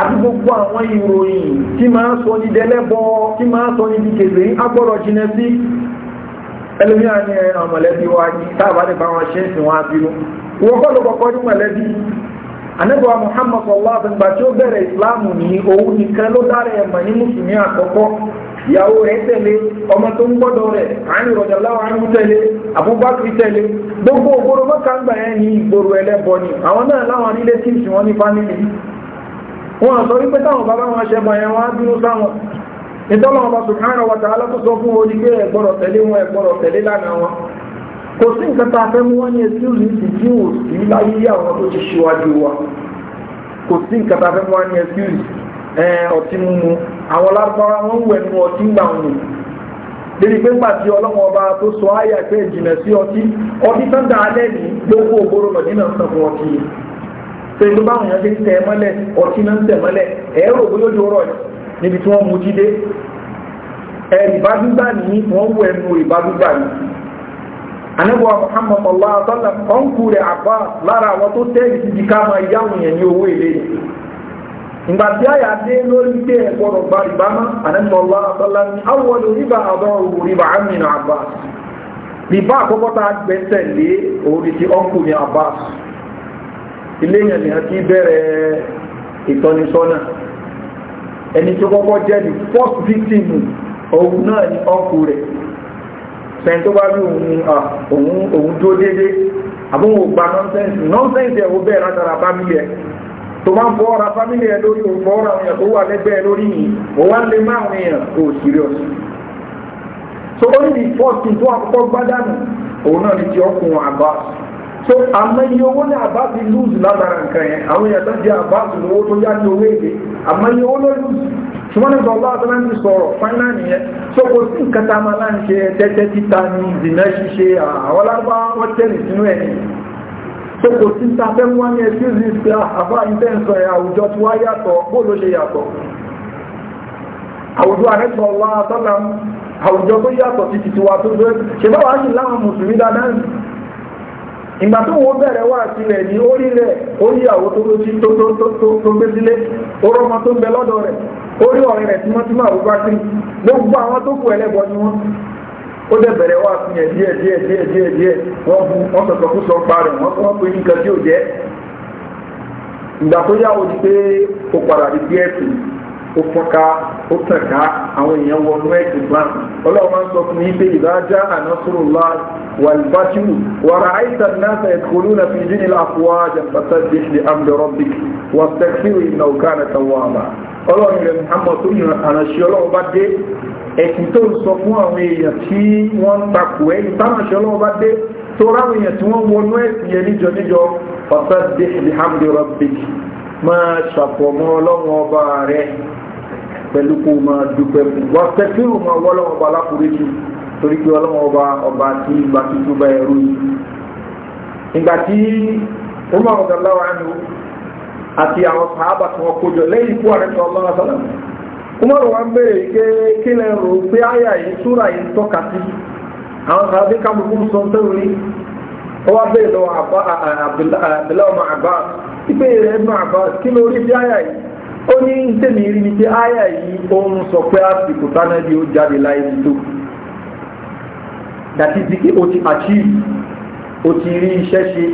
àti gbogbo àwọn ìròyìn tí máa ń sọ ní dẹ́lẹ́bọ tí máa ń sọ ní bí kèfè ń agbọ́rọ̀ jìnà sí ẹlòmíà wa ní táàbà nípa wọn ṣe ń sìn wọn abirú wọn kọ́ ló kọ́kọ́ ní mọ̀lẹ́bí anábọ̀ Muhammad sallallahu alaihi wasallam tí ó bẹ̀rẹ̀ ìsìláàmù ní òun nìkan ló dára ẹ̀mọ̀ ní mùsùlùmí àkọ́kọ́ ìyàwó rẹ̀ tẹ̀lé ọmọ tó ń gbọ́dọ̀ rẹ̀ àánú ìrọ̀jà láwọn àánú tẹ̀lé Abubakar gbogbo ògbóró mọ́kàngbà yẹn ní ìgboro ni àwọn náà láwọn nílé tí ń ní fámìlì wọn àtọ́ wípé táwọn bàbá wọn ṣe mọ̀ ẹ̀wọ̀n á sáwọn ìtọ́lọ́wọ́n bá subhanahu wa ta'ala tó sọ fún orí ẹ̀gbọ́rọ̀ tẹ̀lé wọn ẹ̀gbọ́rọ̀ tẹ̀lé lánàá wọn kò sí nǹkan tá a fẹ́ mú wọn ní etí òní ti tí ò sí láyé àwọn tó ti fẹ́ mú wọn ní etí òní ọtí mímu pẹ̀lú báwọn èèyàn ti ń tẹ̀ mọ́lẹ̀ ọtí náà ń tẹ̀ mọ́lẹ̀ ẹ̀rọ òbí lójú ọ̀rọ̀ níbi tí wọ́n mú jíde ìbádúgbà ní wọ́n wọ ẹnu ìbádúgbà ní anábọ̀ Muhammad ọlá àtọ́lá ọ̀nkù rẹ̀ àbá lára àwọn tó tẹ́ ìsìnkú ká máa yáwọn èèyàn ní owó èlé yìí ìgbà tí àyà dé lórí pé ẹ̀gbọ́dọ̀ gba rìbá mọ́ anábọ̀ ní awọ́lu rìbá àbọ̀ òwò rìbá àmìnà àbá gbẹ́sẹ̀ lé ti ní àbá ilé yẹn ni a ti bẹ̀rẹ̀ ìtọ́nisọ́nà ẹni tó kọ́kọ́ jẹ́ ní first victim òun náà ni ọkù rẹ̀ sẹ́yìn tó bá rí òun tó dédé àbúrò gba nọ́nsẹ́ǹsì nọ́nsẹ́ǹsì ẹ̀wọ́ bẹ́ẹ̀ látara fámílì ẹ̀ tó bá ń fọ́ ọ̀rá fámílì ẹ̀ lórí òun fọ́ ọ̀rá òun tó wà lẹ́gbẹ̀ẹ́ lórí yìí ó wá lé máa ń yàn ó serious so ó ní the first thing tó àkọ́kọ́ gbádànù òun náà ni ti ọkùnrin àgbà so àmọ́ iye owó ní àbáàbí lose lábára nǹkan yẹn àwọn èèyàn tó jẹ àbáàbí owó tó yá ní owó èdè àmọ́ iye owó ló lose ṣùgbọ́n nípa ọlọ́ àtọ́lá ń sọ̀rọ̀ fáínà nìyẹn so kò sí nǹkan tá a máa láǹ ṣe tẹ́tẹ́ títa ní ìdìnnà ṣíṣe àwọn lágbá wọn tẹ̀lé sínú ẹ̀ ni so kò sí ta fẹ́ wọ́n ní ẹ̀sìn sí ìsìn àbá ìtẹ́ǹsọ̀ ẹ̀ àwùjọ tí wá yàtọ̀ bó ló ṣe yàtọ̀ àwùjọ àrẹ́sọ̀ ọlọ́ àtọ́lá àwùjọ tó yàtọ̀ títí tiwa tó gbé ṣe báwa ń láwọn mùsùlùmí dáadáa ìgbà tó wọ́n bẹ̀rẹ̀ wà sílẹ̀ ní orílẹ̀ oríyàwó tó tó gbé sílé orọ́mọ tó ń bẹ lọ́dọ̀ rẹ̀ orí ọ̀rẹ́ rẹ̀ tí wọ́n ti máa rúgbá sí gbogbo àwọn tó kù ẹlẹ́bọ ni wọ́n ó dẹ̀ bẹ̀rẹ̀ wà sílẹ̀ díẹ̀ díẹ̀ díẹ̀ díẹ̀ díẹ̀ wọ́n bu wọ́n sọ̀tọ̀ kú sọ pa rẹ̀ wọ́n wọ́n pe nǹkan tí ò jẹ́ ìgbà tó yá o ti pé o padà di pẹ́ẹ́sì ó fọ́nká ó tànká àwọn èèyàn wọnú ẹ̀sìn Islam ọlọ́run máa ń sọ fún yín pé ìdájá nasrullah wal fath wa ra'aita an-nasa yadkhuluna fi dinil afwaja fasabbih bihamdi rabbik wastaghfirhu innahu kana tawwaba ọlọ́run rẹ̀ Muhammad tó yàn àránṣẹ́ ọlọ́run bá dé ẹ̀sìn tó ń sọ fún àwọn èèyàn tí wọ́n ń takò ẹ̀yìn tánàṣẹ́ ọlọ́run bá dé tó ráwọn èèyàn tí wọ́n wọnú ẹ̀sìn yẹn níjọ níjọ fasabbih bihamdi rabbik máa ṣàfọ̀mọ́ ọlọ́run ọba rẹ̀ pẹ̀lú kó máa dúpẹ́ fún wa tẹ́tí ò máa wọ́ lọ́wọ́ ọba alákùrẹ́jì torí pé ọlọ́wọ́ ọba ọba tí ìgbà tuntun bá ẹrú yìí ìgbà tí ó máa ọ̀dà láwa àti àwọn sàábà tí wọ́n kójọ lẹ́yìn ikú ọlọ́wọ́ sọ́lá wa ń bèèrè pé kí lẹ rò pé àyà yìí súra yìí ń tọ́ka sí àwọn sàábà sọ sẹ́wọ̀n rí ó wá lọ́wọ́ ọmọ ó ní tèmi rí ni pé àyà yìí ó ń sọ pé àsìkò tánàbí ó jáde láyé tó dàtí ti pé o ti achieve o ti rí iṣẹ́ ṣe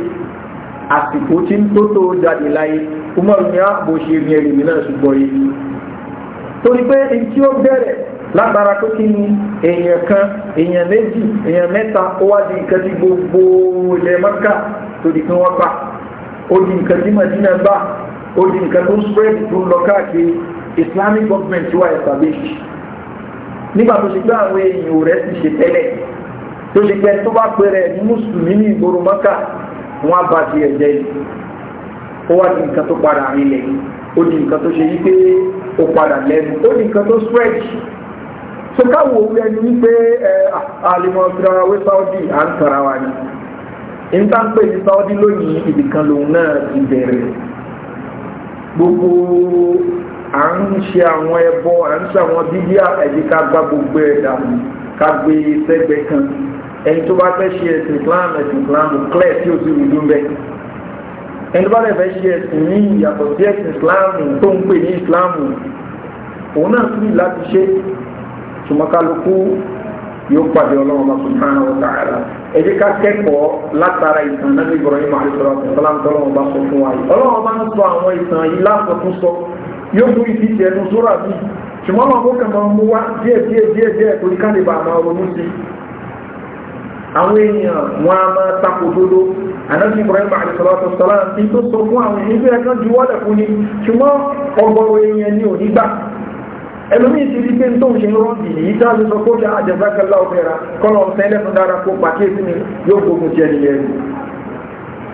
àsìkò tí ń tó tó jáde láyé umar ní ààbò ṣe ní ẹ̀rìmí náà ṣùgbọ́n yìí torí pé èyí ó bẹ̀rẹ̀ látara tó kí ni èèyàn kan èèyàn méjì èèyàn mẹ́ta ó wá di nǹkan tí gbogbo ilẹ̀ mọ́kà tó di pé wọ́n gbà ó di nǹkan tí màdínà gbà ó di nǹkan tó ń spread tó ń lọ káàkiri islamic government wà established nígbà tó ṣe pé àwọn èèyàn rẹ̀ ti ṣe tẹ́lẹ̀ tó ṣe pé tó bá pèrè ní mùsùlùmí ní ìgboro mọ́kà wọn á bá tiẹ̀ jẹ́ ó wá di nǹkan tó padà rinlẹ̀ ó di nǹkan tó ṣe yí pé ó padà lẹ́nu ó di nǹkan tó spread so káwọ owó ẹni wípé àlìmọ̀ ìfirawé Saudi à ń tara wa ni ìta ń pè ní Saudi lónìí ibìkan lòun náà ti bẹ̀rẹ̀ gbogbo à ń ṣe àwọn ẹbọ à ń ṣe àwọn bíbíà ẹ̀dí ká gbá gbogbo ẹ̀ dànù ká gbé e sẹ́gbẹ̀ kan ẹni tó bá fẹ́ ṣe ẹ̀sìn Islam ẹ̀sìn Islam clear tí ó sì rú dún bẹ́ẹ̀ ẹni tó bá fẹ́ ṣe ẹ̀sìn ní ìyàtọ̀ sí ẹ̀sìn Islam tó ń pè ní Islam òun náà sì láti ṣe ṣùgbọ́n kálukú yóò pàdé Ọlọ́run subhanahu wa ta'ala ẹbí ká kẹ́kọ̀ọ́ látara ìtàn náà Ibrahim àdìsọ́lá sọ́lám tọ́lọ́wọ́n bá sọ fún wa yìí ọlọ́wọ́n bá ń sọ àwọn ìtàn yìí lásọtún sọ yóò tún ìdí tiẹ̀ nu sóra mi ṣùgbọ́n àwọn akókè máa mú wá díẹ̀ díẹ̀ díẹ̀ díẹ̀ torí ká lè bá àwọn ronú sí i àwọn èèyàn wọn a máa tako dodo ànábì Ibrahim àdìsọ́lá sọ́lám tí tó sọ fún àwọn èèyàn bí ẹ̀kan juwọ́lẹ̀ fún ni ṣùgbọ́n ọgbọ̀rọ̀ èèyàn ni ò ní gbà ẹlòmíì ti rí pé tó ń ṣe rọ́ọ̀dì yìí tá a lè sọ pé ó ṣe àjẹsákẹ́lá ọ̀fẹ́ra kọ́lọ̀ ọ̀sẹ́lẹ̀ tó dára kó pàkíyèsí ni yóò gbógun ti ẹni yẹn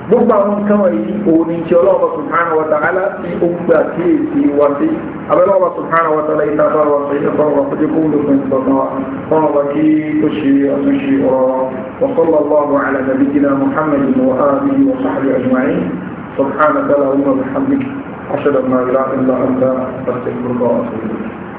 gbogbo àwọn nǹkan wọ̀nyí òun ni ti ọlọ́ọ̀bà subhanahu wa ta'ala tí ó ń gbà kí èsì wá sí abẹ́lọ́ọ̀bà subhanahu wa ta'ala ìta bá wà sí ẹ̀fọ́ wà sí kó ló fún ìtọ́sán wa wọn wà kí ó ṣe àtúnṣe ọ̀rọ̀ wa sallallahu ala nabiyyina muhammadin wa alihi wa sahbihi ajma'in subhanahu wa ta'ala wa bihamdihi ashhadu an la ilaha illa anta astaghfiruka wa atubu ilayk